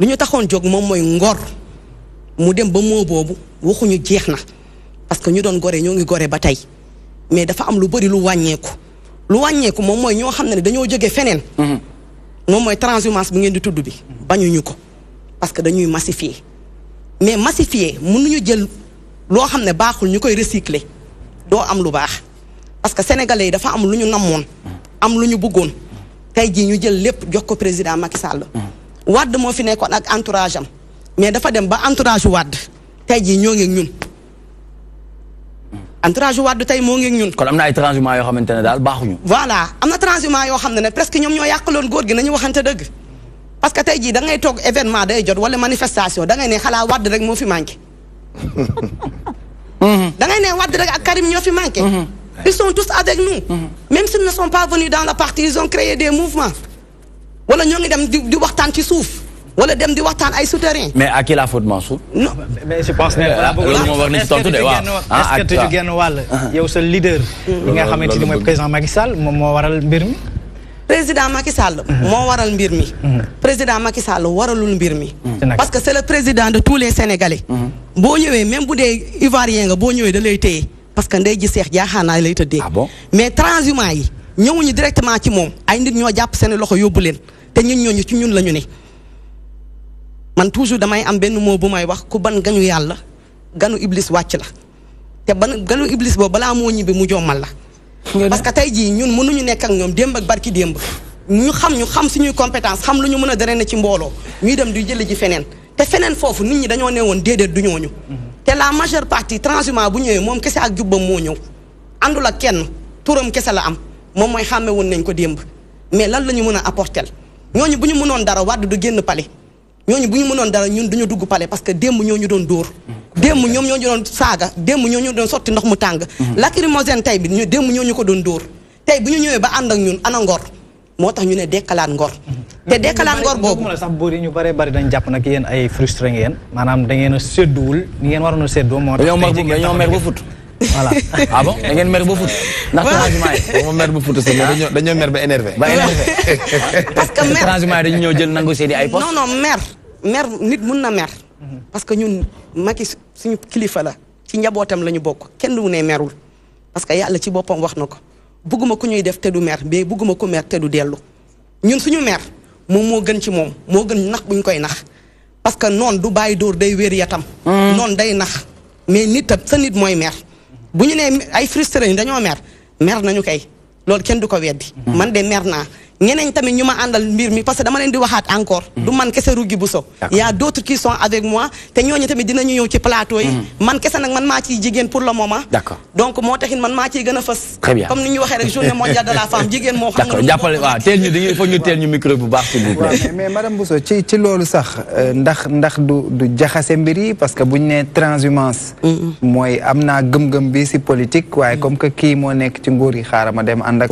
lu ñu taxoon jóg moom mooy ngor mu dem ba moo boobu waxuñu jeex na parce que ñu doon gore ñoo ngi gore ba tey mais dafa am lu bëri lu wàññeeku lu wàññeeku moom mooy ñoo xam ne dañoo jóge feneen mm-hmm. moom mooy transhumance bu ngeen di tudd bi bañuñu ko parce que dañuy massifier mais massifier mënuñu jël loo xam ne baaxul ñu koy recycler doo am lu baax parce que sénégalais yi dafa am lu ñu namoon am lu ñu bëggoon tey jii ñu jël lépp jox ko président Macky Sall. Wade moo fi nekkoon ak entourage am mais dafa dem ba entourage Wade tey jii ñoo ngi ñun. entourage Wade tey moo ngi ñun. kon am na ay transhumants yoo xamante ne daal baaxuñu. voilà am na transhumants yoo xam ne ne presque ñoom ñoo yàqaloon góor gi nañu waxante dëgg parce que tey ji da ngay toog événement day jot wala manifestation da ngay ne xalaa wadd rek moo fi manqué. Mhm. Mhm. ils sont tous avec nous. Mhm. même s'ils ne sont pas venus dans la partie ils ont créé des mouvements. mais à qui la faute Mansour. non mais je pense que euh, est-ce que tu ah, ah. ah. leader. Je nga le président Macky Sall président Macky Sall. moo waral mbir mi. président Macky Sall waralul mbir mi. parce que c' est le président de tous les sénégalais. Mm-hmm. boo ñëwee même bu dee ivoirien nga boo ñëwee da lay téye parce que ndey ji seex jaaxaanaay lay tëddee. Ah mais transhumant yi ñëwuñu directement ci moom ay nit ñoo jàpp seen loxo yóbbu leen te ñun ñooñu ci ñun la ñu ne. man toujours damay am benn moo bu may wax ku ban gañu yàlla ganu iblis wàcc la te ban ganu iblis boo balaa moo ñibbi mu jommal la. parce que tey jii ñun mënuñu nekk ak ñoom démb ak barki démb. ñu xam ñu xam suñuy compétence xam lu ñu mën a drainer ci mbooloo ñuy dem du jëli ji feneen te feneen foofu nit ñi dañoo ne woon déedéet du ñooñu. te la majeure partie transhumant bu ñëwee moom kese ak jubbam moo ñëw. àndul ak kenn turam kese la am moom mooy xàmme woon nañ ko démb mais lan la ñu mën a apporter ñooñu bu ñu mënoon dara wàdd du génn pali ñooñu bu ñu mënoon dara ñun duñu dugg palais parce que démb ñoo ñu doon dóor démb ñoom ñoo ñu doon saaga démb ñoo ñu doon sotti ndox mu tàng mhm. lacrymogène tey bi ñu démb ñoo ñu ko doon dóor tey bu ñu ñëwee ba ànd ak ñun ana ngor moo tax ñu ne dekkalaat ngor mhm. te dekkalaat ngor boobu la sax buur yi ñu bëree bëri dañ jàpp nag yéen maanaam da ngeen a sédduwul ngeen waroon a séddoo moo voilà ah bon da ngeen mer ba fut ndax transhumant yi ma mer ba fut sax mais dañoo mer ba énervé ba énervé parce que mer transhumant yi dañu ñëw jël nangu seeni ay poste non meer mer mer nit mun na meer mhm. parce que ñun Macky suñu kilifa la ci njabootam la ñu bokk kenn du ne merul parce que yàlla ci boppam wax na ko bugguma ko ñuy def te du mer mais bugguma ko mer te du dellu ñun suñu mer moom moo gën ci moom moo gën nax buñ koy nax parce que noon du bàyyi dóor day wér yatam hmm. noonu day nax mais nit sa nit mooy mer bu ñu nee ay frustré ni dañoo meer mer nañu kay loolu kenn du ko weddi mm-hmm. man de meer naa ñeneen tamit ñu ma àndal mbir mi parce que dama leen di waxaat encore. Mm. du man kese Rougui Bousso. y' a d' autres qui sont avec moi te ñooñu tamit dinañu ñëw ci plateau yi. Mm. man kese nag man maa ciy jigéen pour le moment. d' accord donc moo taxit man maa ciy gën a fës. très bien comme ni ñu waxee rek journée mondiale de la femme jigéen moo. xam nga d' accord jàppale waaw teel ñu dañuy foog bu baax s'il vous plaît. mais madame Bousso ci loolu sax euh, ndax ndax du du jaxase mbir yi parce que bu ñu nee transhumance. mooy am na gëm-gëm bi si politique waaye mm. comme que kii moo nekk ci nguur yi xaaral ma dem ànd ak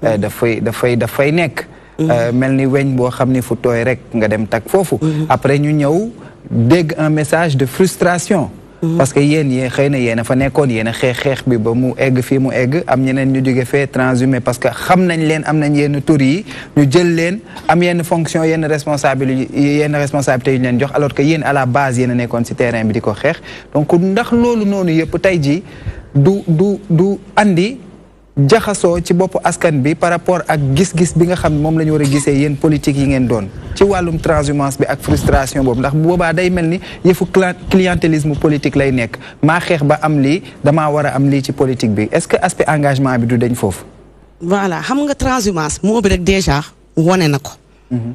da fay da fay nekk mhm. eh, mel ni melni boo bo ni fu toy rek nga dem tag foofu mhm. après ñu ñew dégg un message de frustration mhm. parce que yeen yéen xeyna yeen fa nekkoon yeen xex xex bi ba mu egg fi mu egg am ñeneen ñu joggé fé transhumé parce que xam nañ leen am nañ yenn tur yi ñu jël leen am yeen fonction yeen responsabilité yeen responsabilité yu ñu leen jox alors que yeen à la base yeen a ci terrain bi diko xex donc ndax lolu nonu yépp tay ji du du du andi jaxasoo ci bopp askan bi par rapport ak gis-gis bi nga xam moom la ñu war a gisee yéen politique yi ngeen doon ci wàllum transhumance bi ak frustration boobu ndax boobaa day mel ni yëfu clientélisme politique lay nekk maa xeex ba am lii damaa war a am lii ci politique bi est-ce que aspect engagement bi du dañ foofu. voilà xam nga transhumance moo bi rek déjà wone na ko. Mhm.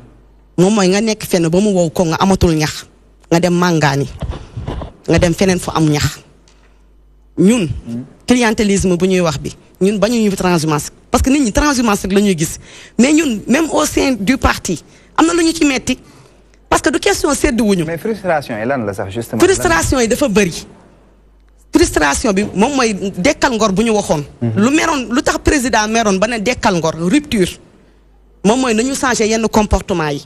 moom mooy nga nekk fenn ba mu wow ko nga amatul ñax nga dem màngaani nga dem feneen fu am ñax. ñun clientélisme bu ñuy wax bi ñun bañu ñu transhumance parce que nit ñi transhumance rek la ñuy gis mais ñun même au sein du parti am na lu ñu ci metti parce que du question sedd wuñu mais frustration yi lan la sax justement frustration yi dafa bëri frustration bi moom mooy dekkal ngor bu ñu waxoon mhm. lu meroon lu tax président meroon ba ne dekkal ngor rupture moom mooy nañu changé yenn comportement yi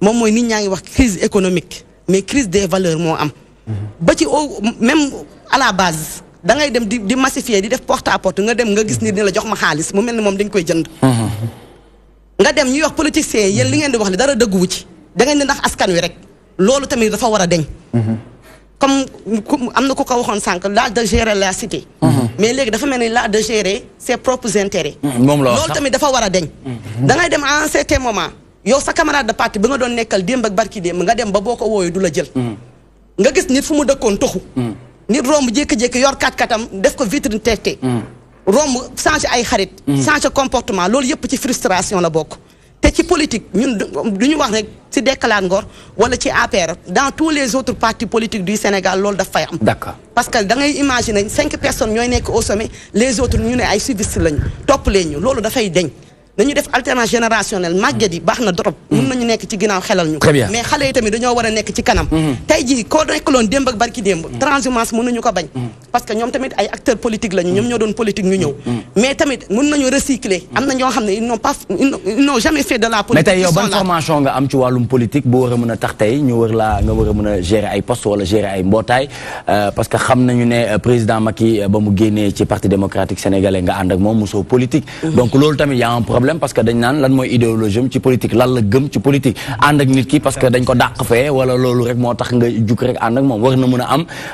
moom mooy nit ñaa ngi wax crise économique mais crise des valeurs moo am mhm. ba ci au même à la base dangay dem di di massifier di def porte à porte nga dem nga gis nit la jox ma xaalis mu mel ni moom dañ koy jënd. Mm-hmm. nga dem ñuy wax politiciens yéen li ngeen di wax li dara dëgguwu ci da ngeen di ndax askan wi rek loolu tamit dafa war a deñ. Mm-hmm. comme am na ku ko waxoon sànq l'art de la cité. Mm-hmm. mais léegi dafa mel ni l'art de gérer ses propres intérêts. moom la loolu tamit dafa war a deñ. da ngay dem à un certain moment yow sa camarade de parti ba nga doon nekkal démb ak barki démb nga dem ba boo ko wooyee du la jël. nga gis nit fu mu dëkkoon toxu. nit romb jékki-jékki yor kat-katam def ko vitrine teg hmm. romb changé ay xarit. Hmm. changé comportement loolu yëpp ci frustration la bokk. te ci politique ñun du ñu wax rek si Dekalaat Ngor wala ci APR dans tous les autres partis politiques du Sénégal loolu daf fay am. d'accord parce que dangay ngay imaginer cinq personnes ñooy nekk au sommet les autres ñu ne ay suivistes lañu topp leen ñu loolu dafay deñ dañuy def alternance générationnelle màgget yi baax na dorop mun mm-hmm. nañu nekk ci ginnaaw xelal ñu mais xale yi tamit dañoo war a nekk ci kanam mm-hmm. tey ji koo nekk loon démb ak barki démb mm-hmm. transhumance nañu ko bañ parce que ñoom tamit ay acteurs politiques lañu ñoom ñoo doon politique ñu ñëw. Mm. Mm. mais tamit mën nañu recycler. am na ñoo xam ne ils n'ont pas ils n'ont jamais fait de la politique. mais am ci wàllum politique boo war a mën a tax tey ñu war laa a mën a gérer ay poste wala gérer ay euh, que xam nañu ne euh, président Macky euh, ba mu génnee ci parti démocratique sénégalais nga ànd ak moom mosoo politique. Mm. donc loolu tamit y a un problème parce que dañ naan lan mooy idéologie ci politique lan la gëm ci politique ànd ak nit ki parce que dañ ko dàq fee wala loolu rek moo tax nga juk rek ànd ak moom war na mën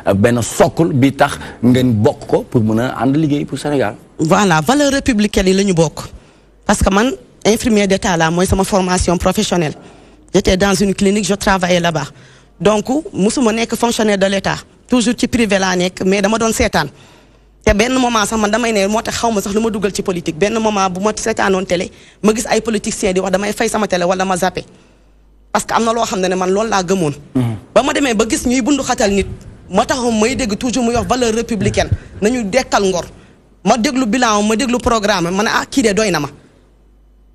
a benn socle bi tax pour pour Sénégal. voilà valeur républicaine la ñu parce que man infirmière d'état là formation professionnelle j'étais dans une clinique je travaillais là-bas donc musuma nekk fonctionnaire de l'état toujours ci privé mais dama moment man damay ne sax ci politique moment bu télé ma gis ay politiciens di wax damay fay sama télé wala ma parce que man mm-hmm. ba ma ba gis ñuy xatal moo tax may dégg toujours muy wax valeur républicaine nañu dekkal ngor ma déglu bilan ma déglu programme ma ne ah kii doy na ma.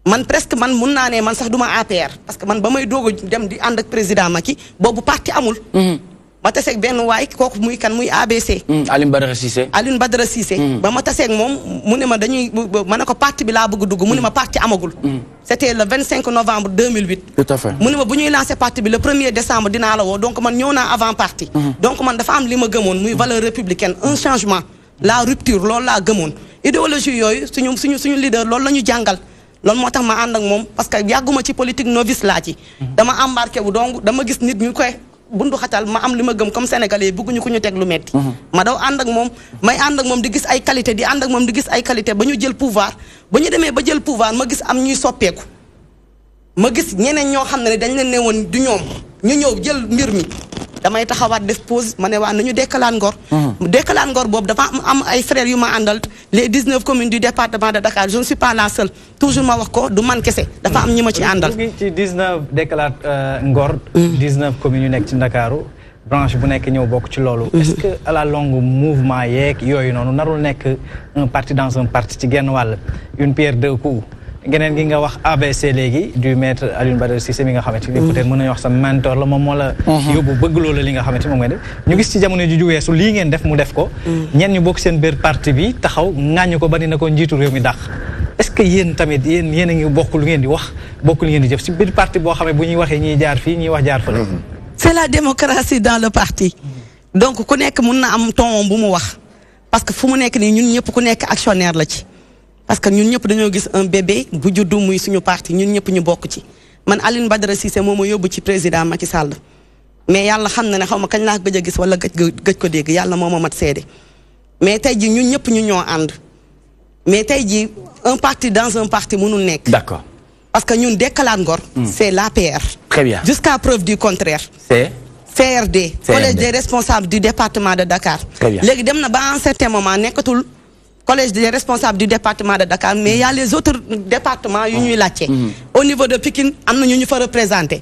man presque man mun naa ne man sax du ma APR parce que man ba may doog dem di ànd ak président Macky boobu parti amul. Mhm. ma taseeg benn waay kooku muy kan muy ABC. Hmm, Alioune Badara Cissé. Alioune Badara Cissé. Hmm. ba ma taseeg moom mu ne ma dañuy ma ne ko parti bi laa bëgg dugg mu ne hmm. ma parti amagul. c' était le 25 novembre 2008. tout à fait mu ne ma bu ñuy lancé parti bi le 1er décembre donc man ñëw avant parti. donc man dafa am li ma gëmoon muy valeur républicaine un changement la rupture loolu laa gëmoon. idéologie yooyu suñu suñu suñu leader loolu la ñu jàngal. loolu moo tax ma ànd ak moom parce que yàgguma ci politique novice laa ci. dama embarqué wu donc dama gis nit ñu koy. bundu xatal ma am li ma gëm comme sénégalais yi bëgguñu ku ñu teg lu metti ma daw ànd ak moom may ànd ak moom di gis ay qualité di ànd ak moom di gis ay qualité ba ñu jël pouvoir ba ñu demee ba jël pouvoir ma gis am ñuy soppeeku ma gis ñeneen ñoo xam ne dañ leen ne woon du ñoom ñu ñëw jël mbir mi damay taxawaat def pose ma ne waa nañu dekkalaan ngor mhm. dekkalaan ngor boobu dafa am ay frères yu ma àndal les 19 communes du département de Dakar je ne suis pas la seule toujours ma wax ko du man kese dafa am ñi ma ci mhm. àndal ci 19 dekkalaat euh, ngor 19 mhm. communes yu nekk ci Ndakaaru branche bu nekk ñëw bokk ci loolu est-ce que à la longue mouvement yeeg yooyu noonu narul nekk un parti dans un parti ci genn wàll une pierre de coups geneen gi nga wax ABC léegi du maître Alioune Badara Cissé mi nga xamante ni mm. peut-être mën nañu wax sa mentor la moom moo la mm-hmm. yóbbu bëgg loola li nga xamante ni moom ngay def ñu gis ci jamono ju ju weesu lii ngeen def mu def ko mm. ñenn ñu bokk seen biir parti bi taxaw ŋaañu ko ba dina ko njiitu réew mi dàq est-ce que yéen tamit yéen yéen ngi bokk lu ngeen di wax bokk lu di jëf si biir parti boo xam ne bu ñuy waxee ñuy jaar fii ñuy wax jaar fële mm-hmm. c'est la démocratie dans le parti mm-hmm. donc ku nekk mun na am ton bu mu wax parce que fu mu nekk nii ñun ñëpp ku nekk actionnaire la ci parce que ñun ñëpp dañoo gis un bébé bu juddu muy suñu parti ñun ñëpp ñu bokk ci man Alioune Badara Cissé moo ma yóbbu ci président Macky Sall mais yàlla xam na ne xaw ma kañ laa gëj a gis wala gëj gëj ko dégg yàlla moo ma mat seede mais tey ji ñun ñëpp ñu ñoo ànd mais tey un parti dans un parti mënul nekk. d'accord parce que ñun Dekkalaat Ngor. Hmm. c'est PR. très bien jusqu'à preuve du contraire. c'est CRD. collège des responsables du département de Dakar. très bien léegi dem na ba un certain moment nekkatul collège des responsables du département de Dakar mais il y a les autres départements ah. mhm. au niveau de Pékin, nous faut représenter.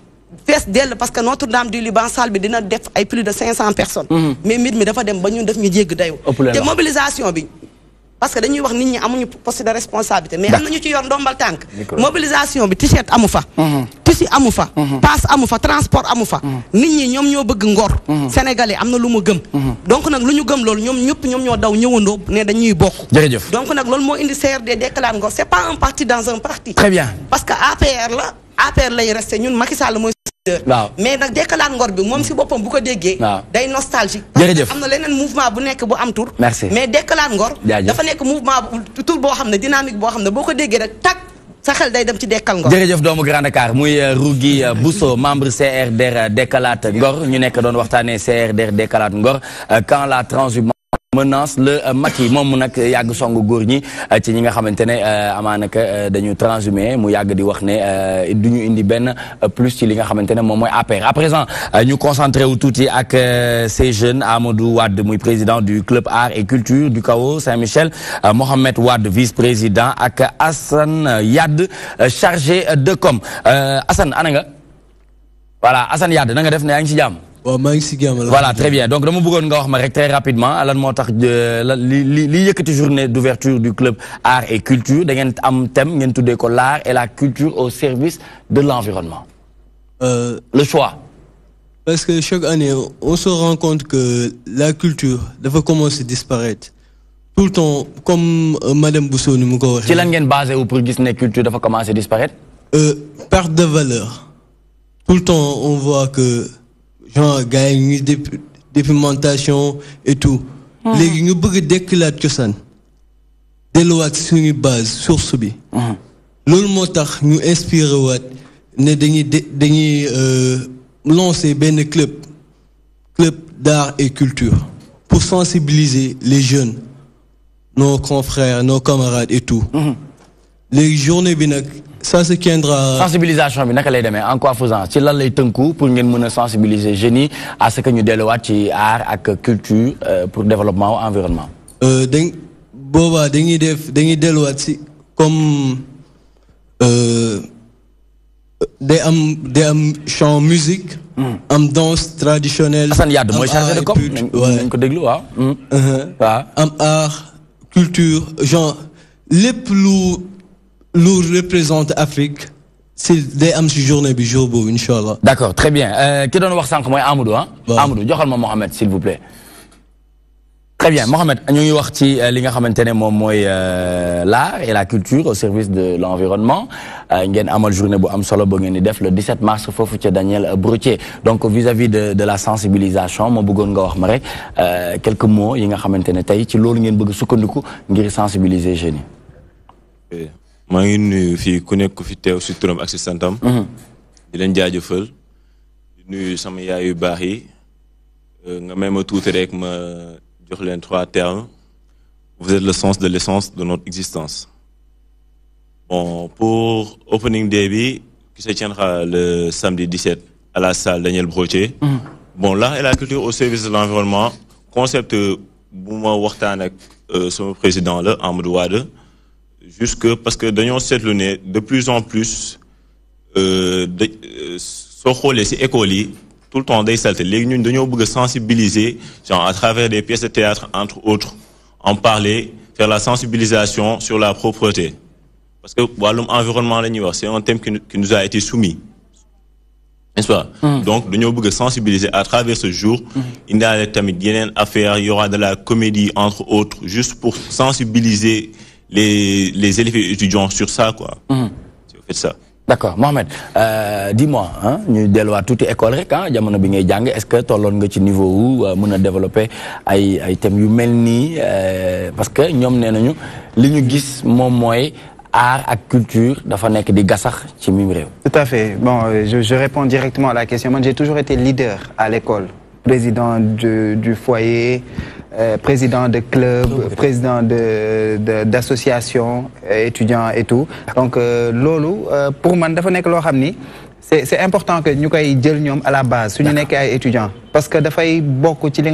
fees del parce que Notre-Dame du Liban salle bi dina def ay plus de 500 personnes mhm. mais mbir mi dafa dem ba ñun def ñu jégg dayoo té mobilisation bi parce que dañuy wax nit ñi amuñu poste de responsabilité mais am nañu ci yor ndombal tank mobilisation bi t-shirt amu fa mhm. tissu amu fa mhm. passe amu fa transport amu fa nit ñi ñom ñoo bëgg ngor sénégalais amna na lu mu gëm donc nak lu ñu gëm lool ñom ñëpp ñom ñoo daw ñëwandoo né dañuy bokk donc nak lool mo indi CRD déclare ngor c'est pas un parti dans un parti très bien parce que APR la APR lay resté ñun Macky Sall waaw mais nag dekkalaat ngor bi moom si boppam bu ko déggee day nostalgique jërëjëf am na leneen mouvement bu nekk bu am tur mais dekkalaat ngor dafa nekk mouvement bu tur boo xam ne dynamique boo xam ne boo ko déggee rek tak sa xel day dem ci dekkal ngor jërëjëf doomu Grand Dakar muy euh, Rougui euh, Bousso membre CRDR dekkalaat ngor ñu nekk doon waxtaanee CRDR dekkalaat ngor euh, quand la transhumance menace le euh, Maki, mom nak yag yàgg song ñi euh, ci ñi nga xamantene ne euh, dañu transhumé mu yag di wax ne duñu indi Ben, plus ci li nga xamantene mom moy APR à présent ñu concentré wu touti ak ces jeunes Amadou Wad, muy président du club art et culture du CAO Saint-Michel Mohamed Wad, vice-président ak hassan Yad chargé de com hassan ana voilà hassan Yad na nga def ne ya ngi ci voilà très bien donc je vais nga wax très rapidement il y a une li journée d'ouverture du club art et culture y a un thème qui tuddee l'art et la culture au service de l'environnement euh, le choix parce que chaque année on se rend compte que la culture dafa commencer à disparaître tout le temps comme euh, madame Bousso nous mu ko waxee ci lan basé pour que la culture dafa commencer disparaître euh, perte de valeur tout le temps on voit que genre gagne des des et tout. Mais ñu bëgg que ça. cosaan. delluwaat suñu base source bi. loolu moo nous ñu inspiré waat de euh, lancer un club club d'art et culture pour sensibiliser les jeunes nos confrères nos camarades et tout. Mm-hmm les journées bi ça se tiendra. sensibilisation bi naka lay demee en quoi faisant ci lan lay tënku pour ngeen mën sensibiliser Génie à ce que ñu delluwaat ci art ak culture euh, pour développement ou environnement. Euh, dañ boba dañuy def dañuy delluwaat si comme euh, day am day am chant musique. Hmm. am danse traditionnelle. Assane Yade mooy chargé de comme nañ ko déglu hmm. uh-huh. waaw. am art culture genre les lu. Lourdes représente Afrique c'est des am si journée bi jour boobu très bien euh, ki doon wax sank moy Amadou hein Amadou joxal ma Mohamed s'il vous plaît. très bien Mohamed ñu ngi wax ci euh, li nga xamantene mom moy euh, l'art et la culture au service de l'environnement environnement ngeen amal journée bu am solo bo ngeen def le 17 mars fofu ci Daniel Brottier donc vis-à-vis de de la sensibilisation mo bëggoon nga wax ma rek quelques mots yi nga xamantene tay ci loolu ngeen bëgg sukkandiku ngir sensibiliser jeunes yi. Eh, maa ngi nuyu fii ku santam. Mhm. di di nuyu sama trois termes vous êtes le sens de l'essence de notre existence. Bon, pour Opening Day qui se tiendra le samedi 17 à la salle Daniel Brochet, mhm. Bon, l'art et la culture au service de l'environnement, concept Bouma euh, président, là, Amadou Wade jusque parce que dans cette lunette de plus en plus euh, euh soo xoolee tout le temps day cette léegi ñun sensibiliser genre à travers des pièces de théâtre entre autres en parler faire la sensibilisation sur la propreté parce que l'environnement, environnement c'est un thème qui nous a été soumis hmm. donc nous bëgg sensibiliser à travers ce jour hmm. il y aura de la comédie entre autres juste pour sensibiliser les, les élèves étudiants sur ça, quoi. Mhm. Si vous faites ça. D'accord, Mohamed, euh, dis-moi, hein, déloyons toutes toute école hein, est-ce que tolloon nga ci niveau où tu euh, a développé ay ay thèmes yu euh, parce que nous, nee nañu li ñu gis mon l'art art ak culture dafa nekk di gasax ci Tout à fait bon je réponds directement à la question Moi, j'ai toujours été leader à l'école président du foyer. Euh, président de club, président d'association, de, euh, étudiant et tout. Donc, euh, lolo, euh, pour moi, c'est important que nous ayons à la base, si nous sommes étudiants. Parce que nous avons beaucoup de choses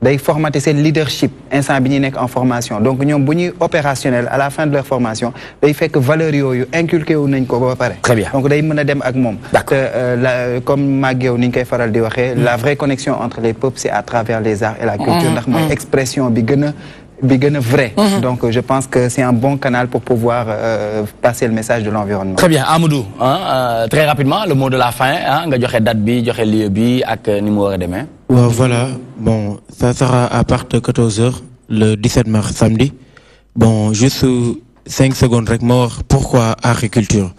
day formater le leadership instant bi nekk en formation donc ils ont ñuy opérationnel à la fin de leur formation day fekk valeur que inculqué wu nañ ko ba très bien donc day mën a dem ak moom. te euh, comme mag yow ni ñu di hmm. la vraie connexion entre les peuples c'est à travers les arts et la culture. Hmm. ndax mooy hmm. expression bi gën vrai. donc euh, je pense que c'est un bon canal pour pouvoir euh, passer le message de l'environnement. très bien Amadou hein, très rapidement le mot de la fin hein, nga joxe date bi joxe lieu bi ak ni mu war voilà, bon, ça sera à partir de 14h, le 17 mars, samedi. Bon, juste 5 secondes, mort. pourquoi agriculture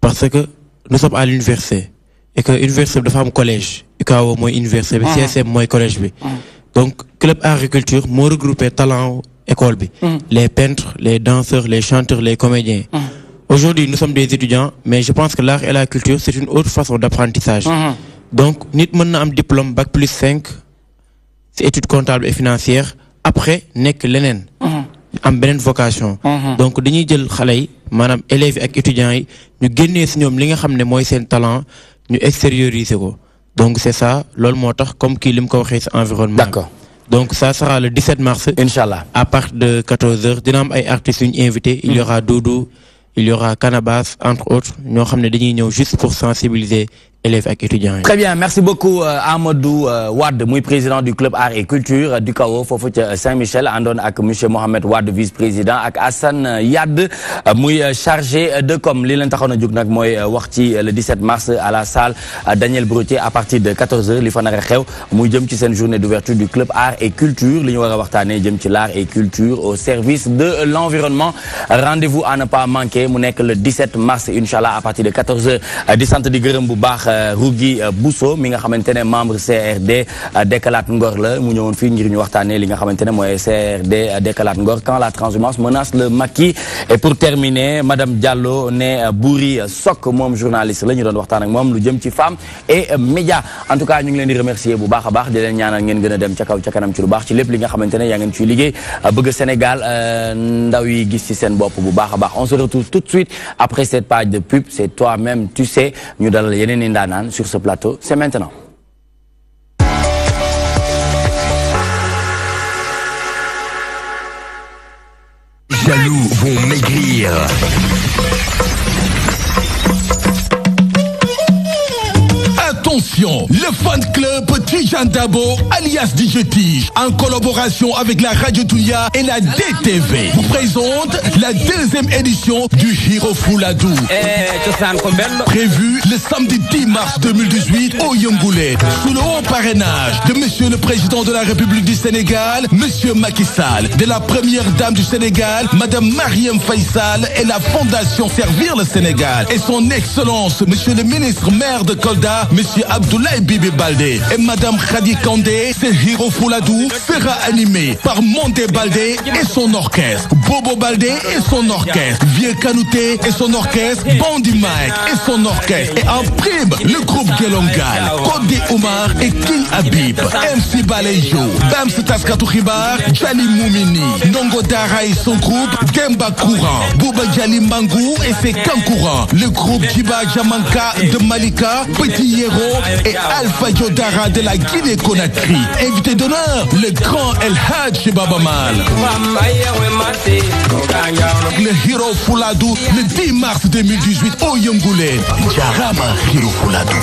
Parce que nous sommes à l'université, et que l'université de femmes collège, et qu'à au moins université, ah. CSM, moi collège. Ah. Donc, club agriculture, moi talents talent, école. Mm. Les peintres, les danseurs, les chanteurs, les comédiens. Mm. Aujourd'hui, nous sommes des étudiants, mais je pense que l'art et la culture, c'est une autre façon d'apprentissage. Mm-hmm donc nous avons un diplôme bac plus 5, études études comptables et financières. après nous avons une vocation. Mm-hmm. donc nous avons des yi des élèves et des étudiants Nous avons des talents, nous li nga donc c'est ça C'est ce comme kii nous comme ko environnement. d'accord donc ça sera le 17 mars. inchallah à partir de 14h nous ay artistes invités. il y mm. aura Doudou il y aura Canabas entre autres Nous avons des dañuy juste pour sensibiliser très bien merci beaucoup euh, Amadou euh, Wade président du club art et culture du CAO Fofo Saint-Michel andon avec monsieur Mohamed Wade vice président avec Hassan Yad euh, chargé de comme li leen taxoon a Warti le 17 mars à la salle Daniel Brottier à partir de 14h li fa xew journée d'ouverture du club art et culture li ñu war l'art et culture au service de l'environnement rendez-vous à ne pas manquer Mounek le 17 mars Inch'Allah, à partir de 14h 10h30 gërëm Rougi euh, euh, Bousso mi nga xamantene membre CRD euh, Dekalaat Ngor la mu ñëwon fi ngir ñu waxtaanee li nga xamantene moy CRD Dekalaat Ngor quand la transhumance menace le maquis et pour terminer madame Diallo né Bouri Sok mom journaliste la ñu doon waxtaan ak mom lu jëm ci femme et média en tout cas ñu ngi leen di remercier bu baaxa baax di leen ñaanal ngeen gëna dem ci kaw ci kanam ci lu baax ci lepp li nga xamantene ya ngeen ci liggé bëgg Sénégal ndaw yi gis ci seen bop bu baaxa baax on se retrouve tout de suite après cette page de pub c'est toi-même tu sais ñu dalal yeneen sur ce plateau c'est maintenant. jaloux vont maigrir. le fan club Tijan Dabo, alias Tige en collaboration avec la Radio Touya et la DTV, vous présente la deuxième édition du Giro Fouladou. Eh, Prévu le samedi 10 mars 2018 au Yongoulé, sous le haut parrainage de Monsieur le Président de la République du Sénégal, Monsieur Macky Sall, de la Première Dame du Sénégal, Madame Mariam Faisal et la Fondation Servir le Sénégal, et son Excellence, Monsieur le Ministre Maire de Kolda, Monsieur Abdoulaye Bibi Baldé et Madame Khadi Kandé, c'est Hiro Fouladou, sera animé par Monte Baldé et son orchestre, Bobo Baldé et son orchestre, Vieux Kanouté et son orchestre, Bandi Mike et son orchestre, et en prime, le groupe Gelongal, Kodi Omar et King Habib, MC Balejo, Bams Taskatou Kibar, Jali Moumini, Nongo Dara et son groupe, Gemba Courant, Bouba Jali Mangou et ses courant le groupe Jiba Jamanka de Malika, Petit Hero et Alpha Yodara de la Guinée-Conakry. Invité d'honneur, le grand El Hadj Mal. Le Hiro Fouladou, le 10 mars 2018 au Yongoulé. Jarama Fouladou.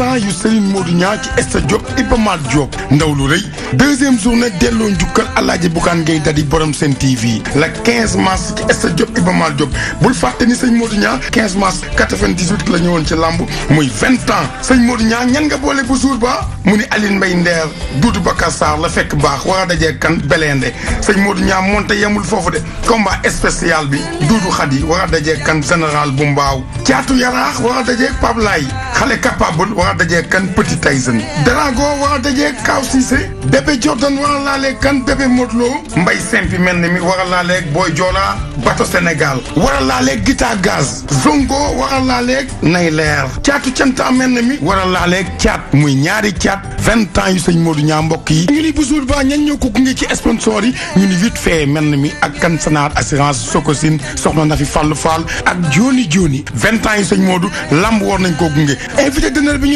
ans yu Serigne Modou Niang ci stade Diop Iba Mar Diop ndaw lu rëy deuxième journée delloo njukkal Alaaji Bougane Gueye Dany borom seen TV la 15 mars ci stade Diop Iba Mar Diop bul fàtte ni Serigne Modou Niang 15 mars 98 la ñëwoon ci làmb muy 20 ans Serigne Modou Niang ñan nga boole bu jour ba mu ni Aline Mbaye Nder Doudou Bakar la fekk baax war a dajee kan Belende Serigne Modou Niang monte yemul foofu de combat spécial bi Doudou Khady war a dajee kan général bu mbaaw caatu a war a dajee kan Petit Drago war a dajee Kaw Cissé bébé Jordan war kan bébé Modou Lo Mbaye Simpi mel ni mi war a laaleeg Boy Joola Bato Sénégal war a laaleeg Guita Gaz Zongo war a laaleeg Nay Leer caatu canta mel ni mi war a laaleeg caat muy ñaari caat vingt ans yu sëñ Modou ñaa mbokk yi ñu ni busuul ba ñan ñoo ko gunge ci sponsor yi ñu ni vite fait mel mi ak kan Sanaar assurance Sococim soxna na fi fàllu fall ak jooni jooni vingt ans yu sëñ Modou lamb war nañ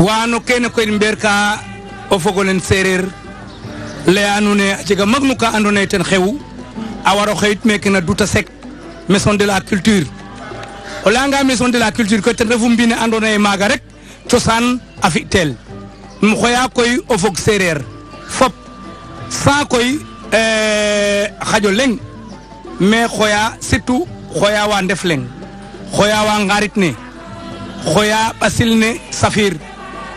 wano kene koyen mber ka o fogolen sereer leya andoona yee a jega mag nu ka andoona yee ten xewu a war o xewit na duta sec maison de la culture o layanga maison de la culture koy ten refu mbind ne andoona yee maaga rek cosaan a tel um xooya koy o fog sereer fop sans koy xajo eh, leŋ mais xooya surtout xoya wa ndef leŋ xooya wa ngarit ne xoya ɓasil ne safir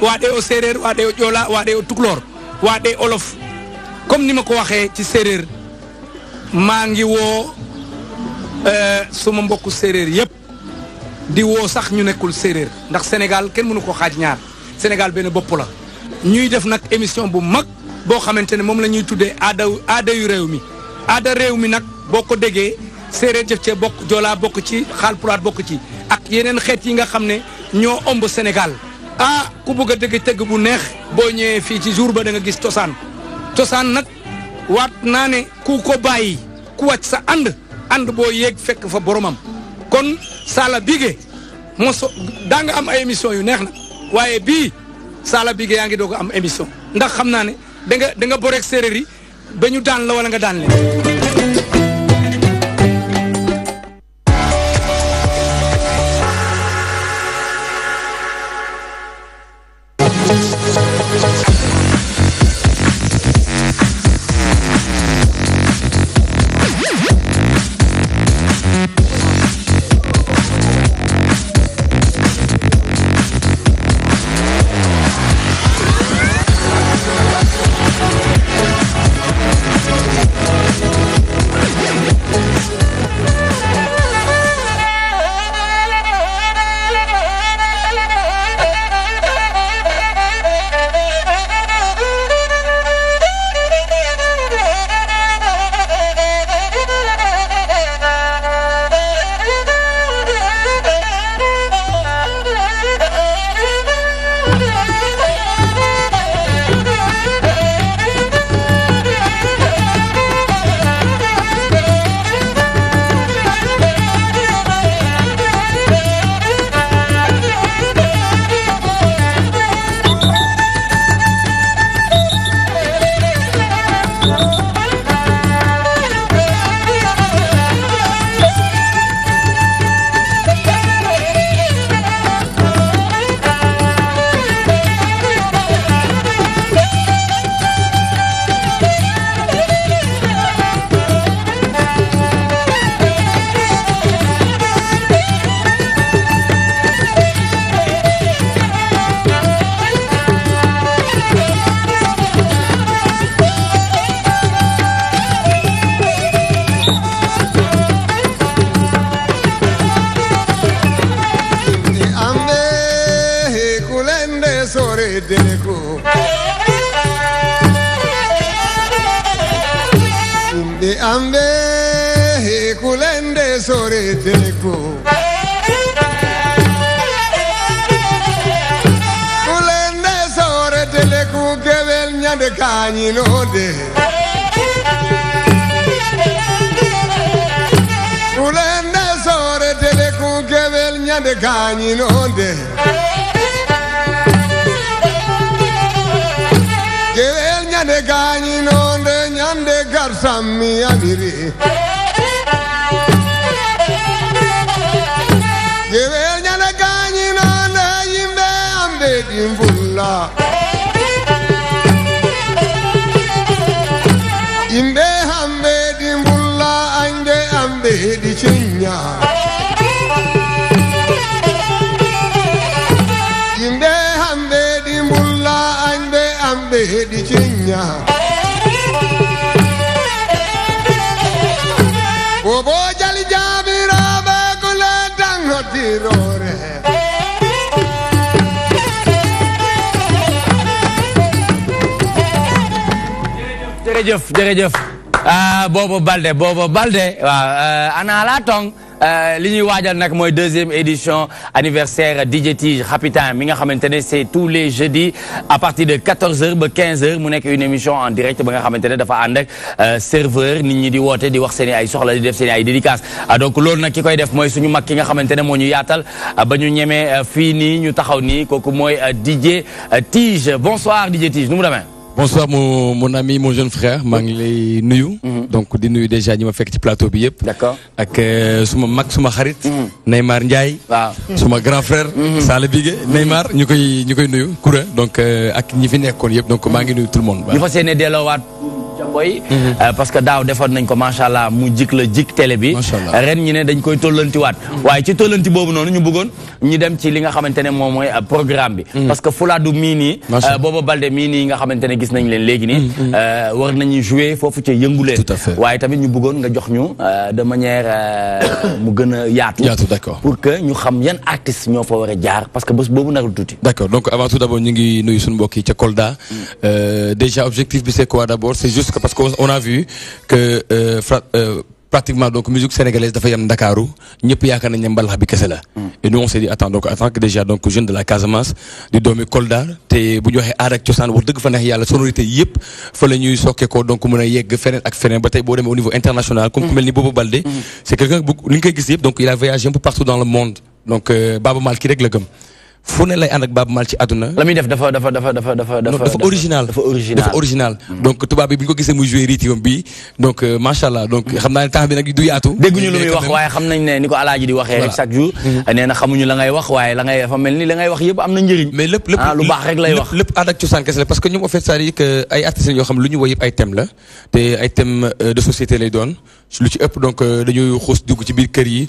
waaɗe o séeréer waaɗe o ƴoola waaɗe o tuklor waaɗe olof comme ni ma ko waxee ci séeréer maa ngi woo euh, suma mbokku séeréer yépp di woo sax ñu nekkul séeréer ndax Sénégal kenn mënu ko xaaj ñaar Sénégal benn bopp la ñuy def nag émission bu mag boo xamante ne moom la ada ada aada aada yu réew mi aada réew mi nag boo ko déggee séeréer def cee bokk joolaa bokk ci ci ak yenen xeet yi nga xam ne ah ku bëgg a dëgg tëgg bu neex boo ñëwee fii ci jour ba da nga gis cosaan cosaan nag waat naa ne ku ko bàyyi ku wàcc sa and, and boo yegg fekk fa boromam kon Sala bigé mo so nga am ay émission yu neex na waaye bii Sala bigé yaa ngi doog am émission ndax xam naa ne da nga da nga boreeg séeréer yi daan la wala nga daan leen Balde boobu Balde waaw euh, ana la tong euh, li ñuy waajal nag mooy deuxième édition anniversaire DJ Tige Rapitan mi nga xamantene ne c'est tous les jeudis à partir de 14h ba 15h mu nek une émission en direct ba nga xamantene ne dafa ànd ak euh, serveur nit ñi di woté di wax seen ay soxla di def seen ay dédicace ah, donc lool nak ki koy def moy suñu mak ki nga xamantene ne ñu yaatal ah, ba ñu ñëmé fii nii ñu taxaw ni koku moy DJ Tige bonsoir DJ Tige nu mu bonsoir mon mon ami mon jeune frère maa lay nuyu. Mhm. donc di nuyu déjà ñi ma fekk ci plateau bi yëpp. d'accord ak euh, ma mag suma xarit. Mhm. Neymar Ndiaye. waaw suma grand frère. Mhm. Sale Bigue Neymar ñu koy ñu koy nuyu Koura donc euh, ak ñi fi nekkoon yëpp donc maa ngi nuyu tout le monde. ñu Boy. Euh, parce que daw defoon nañ ko machallah mu jik le jik télé bi. ren ñi ne dañ koy wat waye ci tollanti bobu noonu ñu bëggoon ñi dem ci li nga xamantene ne moy euh, programme bi. Mm. parce que Fulaadu mii nii. Euh, booba Balde mini nga xamantene gis nañ leen légui ni mm, mm. euh war nañ jouer fofu ci yëngu leen. waaye tamit ñu bëggoon nga jox ñu de manière mu gëna yaatu. yaatu d'accord pour que ñu xam yan artistes ñoo fa wara jaar parce que bés boobu narul tuuti. d'accord donc avant tout d'abord ñi ngi nuyu suñu mbokk ci ca euh déjà objectif bi c'est quoi d'abord c'est juste parce qu'on a vu que euh, euh, pratiquement donc musique sénégalaise dafa am Dakarou, ñëpp yaakaar nañ ne mbalax bi kese mm. et nous on s'est dit attends donc en que déjà donc jeune de la Casamance du doomi Kolda té bu joxé waxee aar ak cosaan wax dëgg fa neex yalla sonorité yépp fa la ñuy sokkee ko donc mëna a yegg fenen ak fenen ba tey boo au niveau international. comme ku mm. mel ni Bobo Baldé. Mm. c'est quelqu'un bu li koy gis donc il a voyagé un peu partout dans le monde donc euh, Baba Mal qui rek la gëm. fu ne lay ànd ak Baaba Maal ci àdduna. la def dafa original dafa original mm. donc tubaab bi bu ñu ko gisee muy joué rythme bi donc euh, macha allah donc xam naa ne temps bi yaatu. dégguñu lu waaye xam nañ ne ni ko alaaji di waxee rek mm-hmm. ah, la wax waaye la ngay dafa mel ni la ngay wax yëpp am na njëriñ. mais lépp lépp ah, lu baax rek lay wax lépp ànd ak cosaan kese la parce que ñoom en fait cest ay artistes la te ay thèmes euh, de société lay doon lu ci ëpp donc euh, dañuy xuus dugg ci biir kër yi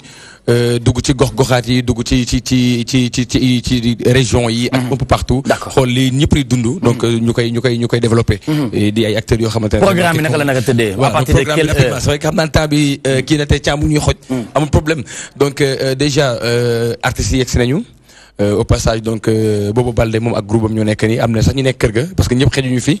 dugg ci gox goxaat yi dugg ci ci ci ci ci ci région yi mhm. un peu partout xool li ñëpp di dund donc mhm. euh, ñu koy ñu koy ñu koy développé mhm. di ay acteurs yo xamantene programme naka la naka tëddee à partir de quel euh, c'est vrai que xam temps bi euh, ki na té chamu ñuy xoj amul problème donc déjà artistes yi yegg nañu au passage donc Bobo balde mom ak groupe am ñu nek ni am na sax ñu nek kër ga parce que ñepp ñëpp ñu fi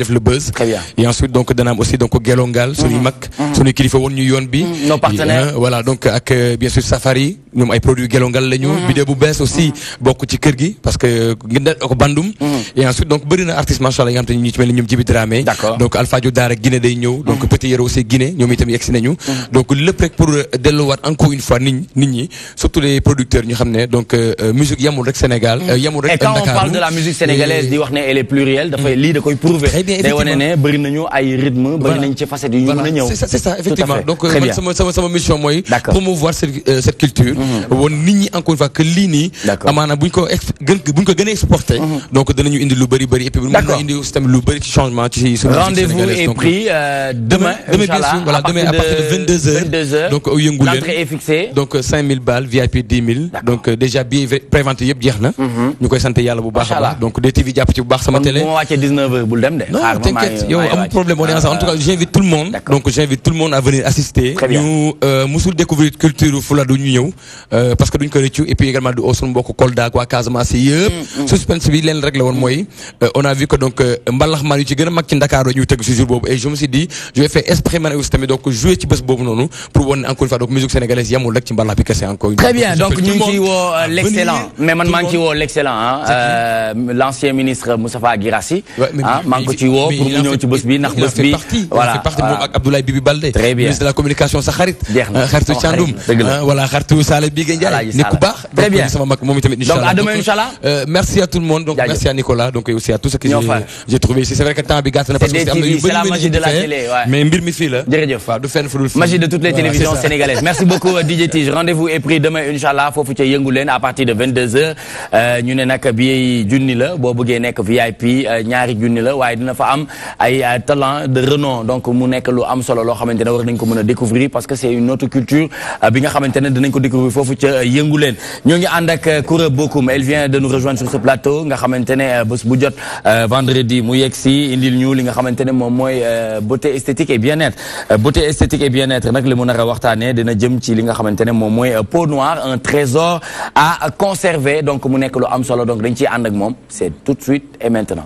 le buzz. et ensuite donc d'un aussi donc gelongal Galongal son suñuy le woon ñu yoon bi. Mm-hmm. nos partenaires hein, voilà donc euh, bien sûr safari produit ay produit gelongal lañu. vidéo mm-hmm. bu aussi mm-hmm. beaucoup de kër parce que ngeen euh, au bandum. et ensuite donc beaucoup artiste artistes macha allah yi ci d'accord donc Alpha Guinée day donc Petit héros aussi Guinée nous itam les donc le prêt pour euh, delluwaat encore une fois nit surtout les producteurs ñu ramener donc musique yamul Sénégal. yamul et quand on parle de la musique sénégalaise di wax elle est plurielle lui il da koy prouver bien effectivement day wane ne nañu ay rythme bëri nañ ci facettes yu ñu mën a c'est ça effectivement donc euh, man sama sama sama mission mooy. promouvoir cette euh, cette culture. Mhm. woon nit ñi encore une fois que l'ini, nii. d'accord amaana buñ ko ex buñ ko gën a mhm. donc danañu indi lu bëri bëri et puis. d'accord mën na indi aussi tamit lu bëri ci changement rendez-vous est euh, pris demain. demain, inchallah voilà demain à partir de 22h. donc yëngu leen l'entrée est fixée. donc 5000 balles VIP 10 000. donc déjà bi préventé yëpp jeex na. Mhm. ñu koy sant bu baax a baax. donc DTV jàpp ci bu baax sama télé. mu wàccee 19h bul dem non t'inquiète a un euh, problème on est ensemble en tout cas j'invite tout le monde. donc j'invite tout le monde à venir assister. nous euh, musul découvrir culture Fula du euh, parce que duñ ko et puis également du sunu mbokk Kolda ak waa Casamance mm, mm. suspense bi leen règle la woon euh, on a vu que donc mbalax maan yu ci gën a mag ci Ndakaar ñu jour et je me suis dit je vais faire esprit man donc jouer ci bés boobu noonu pour voir encore une fois donc musique sénégalaise yamul rek ci mbalax bi c'est encore. très bien donc ñu qui ciy l'excellent mais man maa ngi ciy woo l'excellent hein. l'ancien ministre Moustapha Guirassi ci wo pour mu ñëw ci bés bi nak bés bi voilà fait partie moom ak Abdoulaye Bibi Baldé ministre de la communication sa xarit euh, xartu Thiandoum euh, voilà xartu Salé Bigué Ndiaye ni ku baax très bien sama mag moom itamit donc à demain inchallah euh, merci à tout le monde donc merci à Nicolas donc aussi à tous ceux qui j'ai trouvé ici c'est vrai que temps bi gàtt na parce que am na yu bëri magie de la télé mais mbir mi fi la jërëjëf waaw du fenn fu dul magie de toutes les télévisions sénégalaises merci beaucoup DJ Tige rendez-vous est pris demain inchallah fofu ci yëngu leen à partir de 22h ñu ne nak bi jouni la bo bëggé nek VIP ñaari jouni la waaye femme am ay talent de renom donc mu nekk lu am solo loo xamante ne war nañ ko a découvrir parce que c'est une autre culture euh, bi nga xamante ne dinañ ko découvrir foofu ca euh, yëngu leen ñoo ngi ànd ak Koura euh, elle vient de nous rejoindre sur ce plateau nga xamante ne bés bu jot vendredi mu yegg si indil ñu li nga xamante ne moom beauté esthétique et bien-être beauté esthétique et bien-être nag li mu nar a waxtaanee dina jëm ci li nga xamante ne moom mooy peau noire un trésor à conserver donc mu nekk lu am solo donc dañ ciy ànd ak moom c'est tout de suite et maintenant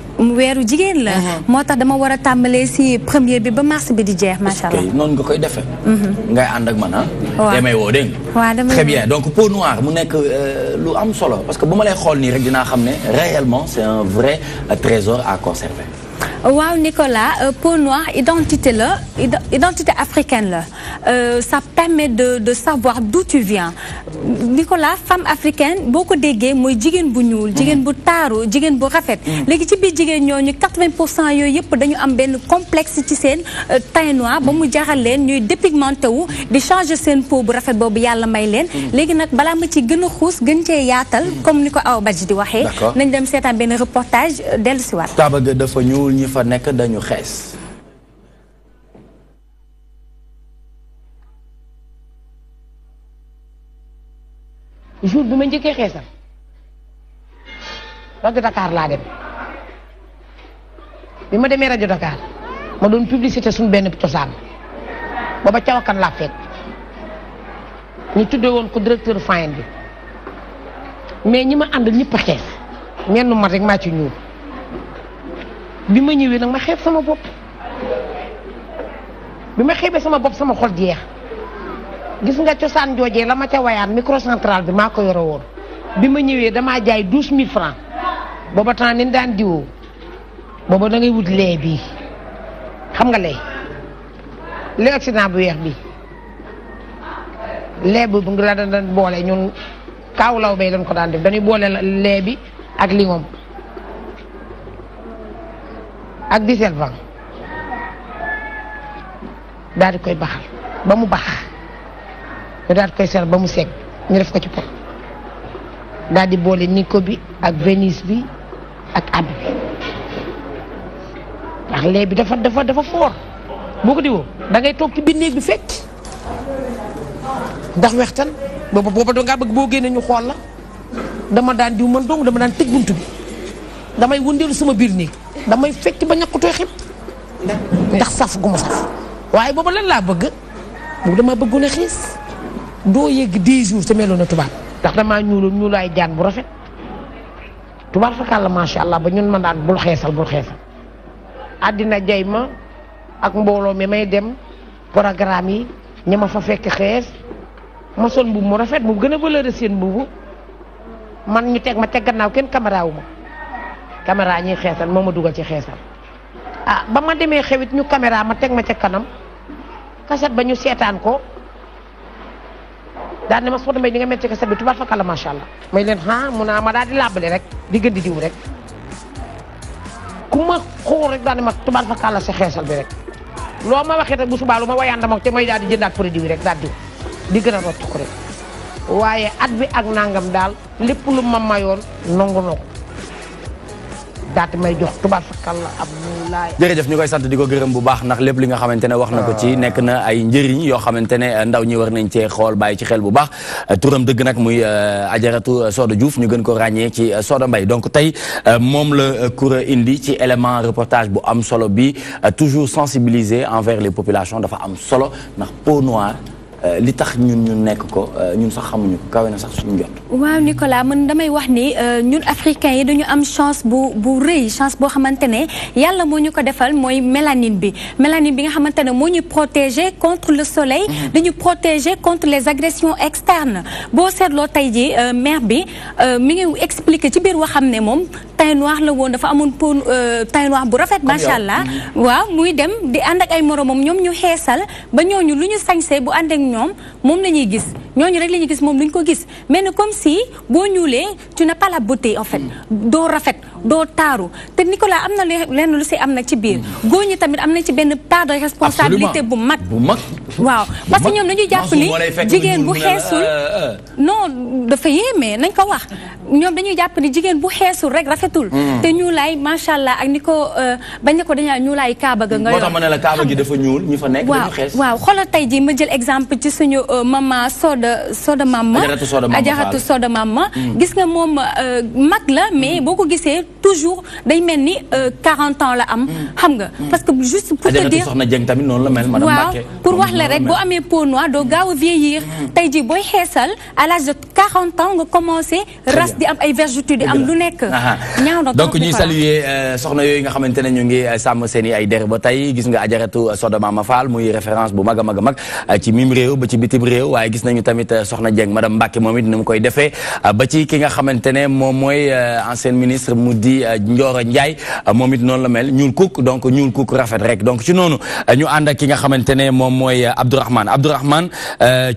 weeru jigéen la. moo tax dama war a tàmbalee si premier bi ba mars bi di jeex macha allah. noonu nga koy defee. Mhm. ngay ànd ak man ah. waaw damay woo dégg très bien donc peau noire mu nekk euh, lu am solo parce que bu ma lay xool nii rek dinaa xam ne réellement c'est un vrai trésor a conserver. Wow Nicolas euh, peau noire identité là, identité africaine là. Euh, ça permet de de savoir d'où tu viens Nicolas femme africaine boo ko moi mooy jigéen bu ñuul mm-hmm. jigéen bu taaru jigéen bu rafet mm-hmm. léegi ci biir jigéen ñooñu 80 pour cent yooyu yëpp dañu am benn complexe ci seen euh, teint noir ba mu nous leen ñuy dépigmenté wu di changer sen peau bu rafet boobu yàlla may leen mm-hmm. léegi nag balaa ma ci gën a xuus gën cee yaatal comme ni ko Awa di waxee nañ dem seetaan benn reportage dellu si waat fa nek dañu xess jour bu ma njëkkee xeesal rajo Dakar la dem bi ma demee rajo Dakar ma doon publicité suñu benn cosaan booba tawakan la fek ñu tuddé won ko directeur fayen bi mais ñima and ñepp xess a mat rek ma ci ñuul bi ma ñëwee nag ma xeeb sama bopp bi ma xeebee sama bopp sama xol jeex gis nga cosaan joojee la ma ca wayaat microcentral bi maa ko yore woon bi ma ñëwee damaa jaay douze mille francs booba temps ni daan diwoo booba da ngay wut lee bii xam nga lee lee accident bu weex bi lee bu ngi la daan boole ñun kaaw law bay dañ ko daan def dañuy boole lee bi ak lingom ak di seen rang daal di koy baxal ba mu bax ñu daal di koy sel ba mu seg ñu def ko ci pot daal di boole niko bi ak venise bi ak àbb bi ndax lee bi dafa dafa dafa foor boo ko diwoo da ngay toog ci biir bi fecc ndax wextan booba booba da ngaa bëgg boo génne ñu xool la dama daan diw man dong dama daan tëj buntu bi damay wëndeelu sama biir néeg damay fekk ba ñàkkutoo xib ndax saf gu ma saf waaye booba lan laa bëgg bu dama bëggoon xiis doo yëgg 10 jours te meloon na tubaab ndax damaa ñuuloon ñuulaay jaan bu rafet tubaab fakàlla macha allah ba ñun ma daan bul xeesal bul xeesal àddina jay ma ak mbooloo mi may dem programme yi ña fa fekk xees ma sol mbubu mu rafet mu gën a valeur seen mbubu man ñu teg ma teg gannaaw kenn caméra ma Kamera ñi xéssal moo duggal ci xéssal ah ba ma demee xewit ñu camera ma tek ma ci kanam kaset ba ñu sétan ko daal ne ma soxna mbay di nga bi tuba fakala macha allah may leen ha mu ma daal di labalé rek di gënd di diw rek kuma xoo rek daal ne ma tubaab fakala ci xéssal bi rek lo ma waxé rek bu suba lu ma wayaan dama ci may daal di jëndaat produit rek daal di di gëna rot ko rek waaye at bi ak nangam daal lepp lu ma daati may jox tubaab sakkal Abdoulaye jërëjëf ñu koy sant di ko gërëm bu baax ndax lépp li nga xamante ne wax na ko ci ah. nekk na ay njëriñ yoo xamante ne ndaw ñi war nañ cee xool bàyyi ci xel bu baax turam dëgg nag muy euh, ajaratu Soda Diouf ñu gën ko ràññee ci euh, Soda mbay donc tey euh, moom la koura indi ci élément reportage bu am solo bi toujours sensibiliser envers les populations dafa am solo ndax peau noire euh, li tax ñun ñu nekk ko euh, ñun sax xamuñu ko kawe na sax suñu jot. waaw Nicolas man damay wax ni euh, ñun africains yi dañu am chance bu bu reuy chance bo xamantene yalla yàlla moo ko defal moy mélanine bi mélanine bi nga xamantene ne ñu protéger contre le soleil. Mhm. dañu protéger contre les agressions externes boo seetloo tay ji mère bi mi ngi expliquer ci bir waxam ne mom teint noir la woon dafa amoon peau teint noir bu rafet. machallah mhm. waaw muy dem di and ak ay moromam ñom ñu xéssal ba ñoo ñu luñu sañsé bu ànd ak ñoom moom la ñuy gis ñooñu rek la ñuy gis moom duñ ko gis mais ne comme si boo ñuulee tu n'as pas la beauté en fait doo rafet doo taaru te Nicolas am na lenn lu si am na ci biir góor ñi tamit am na ci benn part de responsabilité bu mag bu mag waaw parce que ñoom dañuy jàpp ni jigéen bu xeesul euh, euh, euh. non dafa yéeme nañ ko wax ñoom dañuy jàpp ni jigéen bu xeesul rek rafetul hmm. te ñuulaay macha allah ak ni ko bañ ne ko dañaa ñuulaay kaaba ga nga yor kaaba gi dafa ñuul ñi fa nekk dañu xees waaw xoolal tey ji ma jël exemple ci suñu euh, mama Soda Soda mama Ajaratu Soda mama mm. gis nga mom euh, mag la mais mm. boko ko toujours day melni 40 euh, ans la am. Mm. xam nga parce que juste pour te dire Soxna Dieng tamit noonu la mel. madame Mbacke pour wax le rek bo amé peau noir do gaaw vieillir. tay jii boy hessal à l'âge de 40 ans nga commencé. ras di am ay vergetures di am lu nek ñaaw na donc ñi saluer soxna yooyu nga xamantene ñu ngi sam seen ay der ba tey gis nga Ajaratu Soda mama Fall muy référence bu maga a mag a ci mim réew réew ba ci bitib réew waaye gis nañu tamit euh, soxna Dieng madame Mbacke momit it koy defee euh, ba ci ki nga xamantene moom mooy euh, ancien ministre mu di Ndioro Ndiaye momit it noonu la mel ñuul kuk donc ñuul kuk rafet rek donc ci noonu ñu ànd ak ki nga xamantene ne moom mooy Abdourahmane Abdourahmane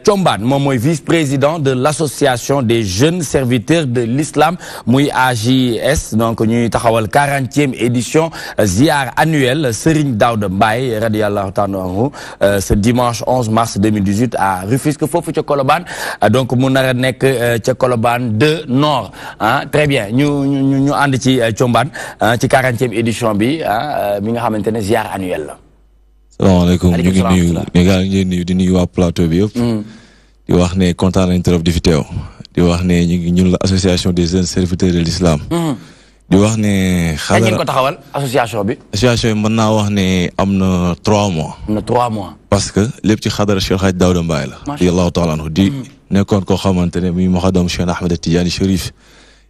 Thiombane moom mooy vice président de l'association des jeunes serviteurs de l'islam muy AJS donc ñuy taxawal quarantième édition ziar annuel Serigne Daouda Mbaye radiyallahu taala anhu ce dimanche 11 mars 2018 2018 à Rufisque fofu ca Colobane euh, donc mu nar nek nekk euh, ca Colobane de nord hein très bien ñu ñu ñu and ci Combaan euh, hein, ci 40e édition bi ah mi nga xamantene ziar annuel la. alaykoum ñu ngi nuyu nga ngeen nuyu di nuyu wa plateau bi yëpp. Mm. di wax né kontaan nañ trop di fi teew di wax né ñu ngi ñun la association des jeunes serviteurs de l'islam. Mm. di wax ne. xadara ngeen association bi. association bi mën naa wax ne am na trois mois. am na trois lépp ci xadara Cheikh Hadj Daouda Mbaye la. radiyallahu taala anhu di mm. nekkoon koo xamante ne muy Mokhadam Cheikh Ahmed Tidiane Chérif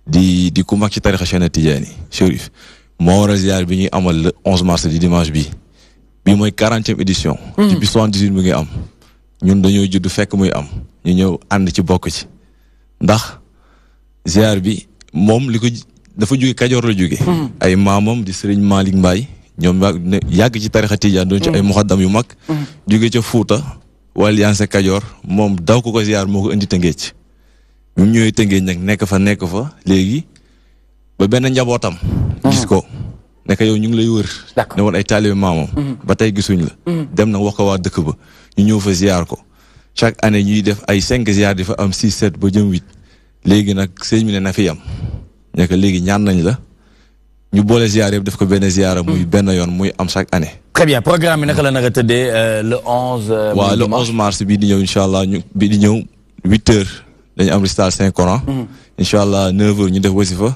di di ku mag ci tarixa Cheikh Tidiane Chérif moo waral ziar bi ñuy amal le onze mars di dimanche bi bii mooy quarantième édition. Mm. ci bi soixante dix am. ñun dañoo judd fekk muy am ñu ñëw ànd ci bokk ci ndax ziar bi moom li ko dafa jóge Kajoor la jóge hmm. ay maamam di sëriñ Malick mbaay ñoom yàgg ci tarixa Tijaan doon ci ay hmm. muxaddam yu mag hmm. jóge ca Fuuta wala yaan sa Kajoor moom daw ko ko ziar moo ko indi Tëngéej bi mu ñëwee nag nekk fa nekk fa léegi ba benn njabootam gis ko nekk yow ñu ngi lay wër ne woon ay taalibe maamam ba tey gisuñ la dem na wax ko waa dëkk ba ñu ñëw fa ziar ko chaque année ñuy def ay cinq ziar di fa am six sept ba jëm huit léegi nag sëñ mi ne na fi yam ne que léegi ñaan nañ la ñu bolé ziaré def ko benn ziaré muy benn yoon muy am chaque année. très bien programme bi naka la naka tëddee le 11. wa le 11 mars bi di ñëw inshallah ñu bi di ñëw 8 8h dañ am récital Saint Coran. inshallah 9h ñu def wasifa.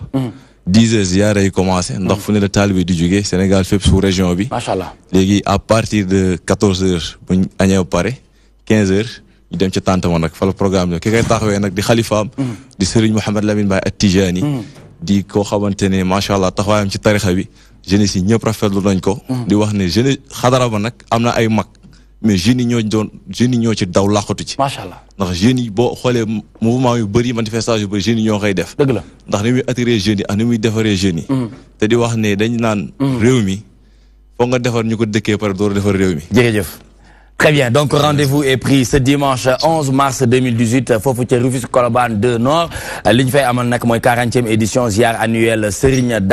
10h ziaré yi commencé. ndax fu ne le talibé di jógee Sénégal fep sous région bi. machallah allah à partir de 14h bu ñu añee pare paré 15h ñu dem ci tantama nak fa le programme bi ki kay taxawé nak di khalifa di Serigne mohammed Lamine Baye atijani di ko xamante ne macha allah taxawaayam ci tarixa bi jeunesse yi ñëpp rafetlu nañ ko. Mm. di wax ne jeunesse xadara ba nag am na ay mag mais jeunes yi ñoo doon jeunes yi ci daw làqatu ci. macha allah ndax jeunes yi boo xoolee mouvement yu bëri manifestation yu bëri jeunes ñoo koy def. dëgg la ndax ni muy attiré jeunes yi ak muy defaree jeunes yi. Mm. te di wax ne dañ naan. Mm. réew mi foog nga defar ñu ko dëkkee par door defar réew mi. jërëjëf. Très bien, donc rendez-vous est pris ce dimanche 11 mars 2018 foofu rufus Colobane 2 Nord l'Univers fay 40e édition ziar annuelle Serigne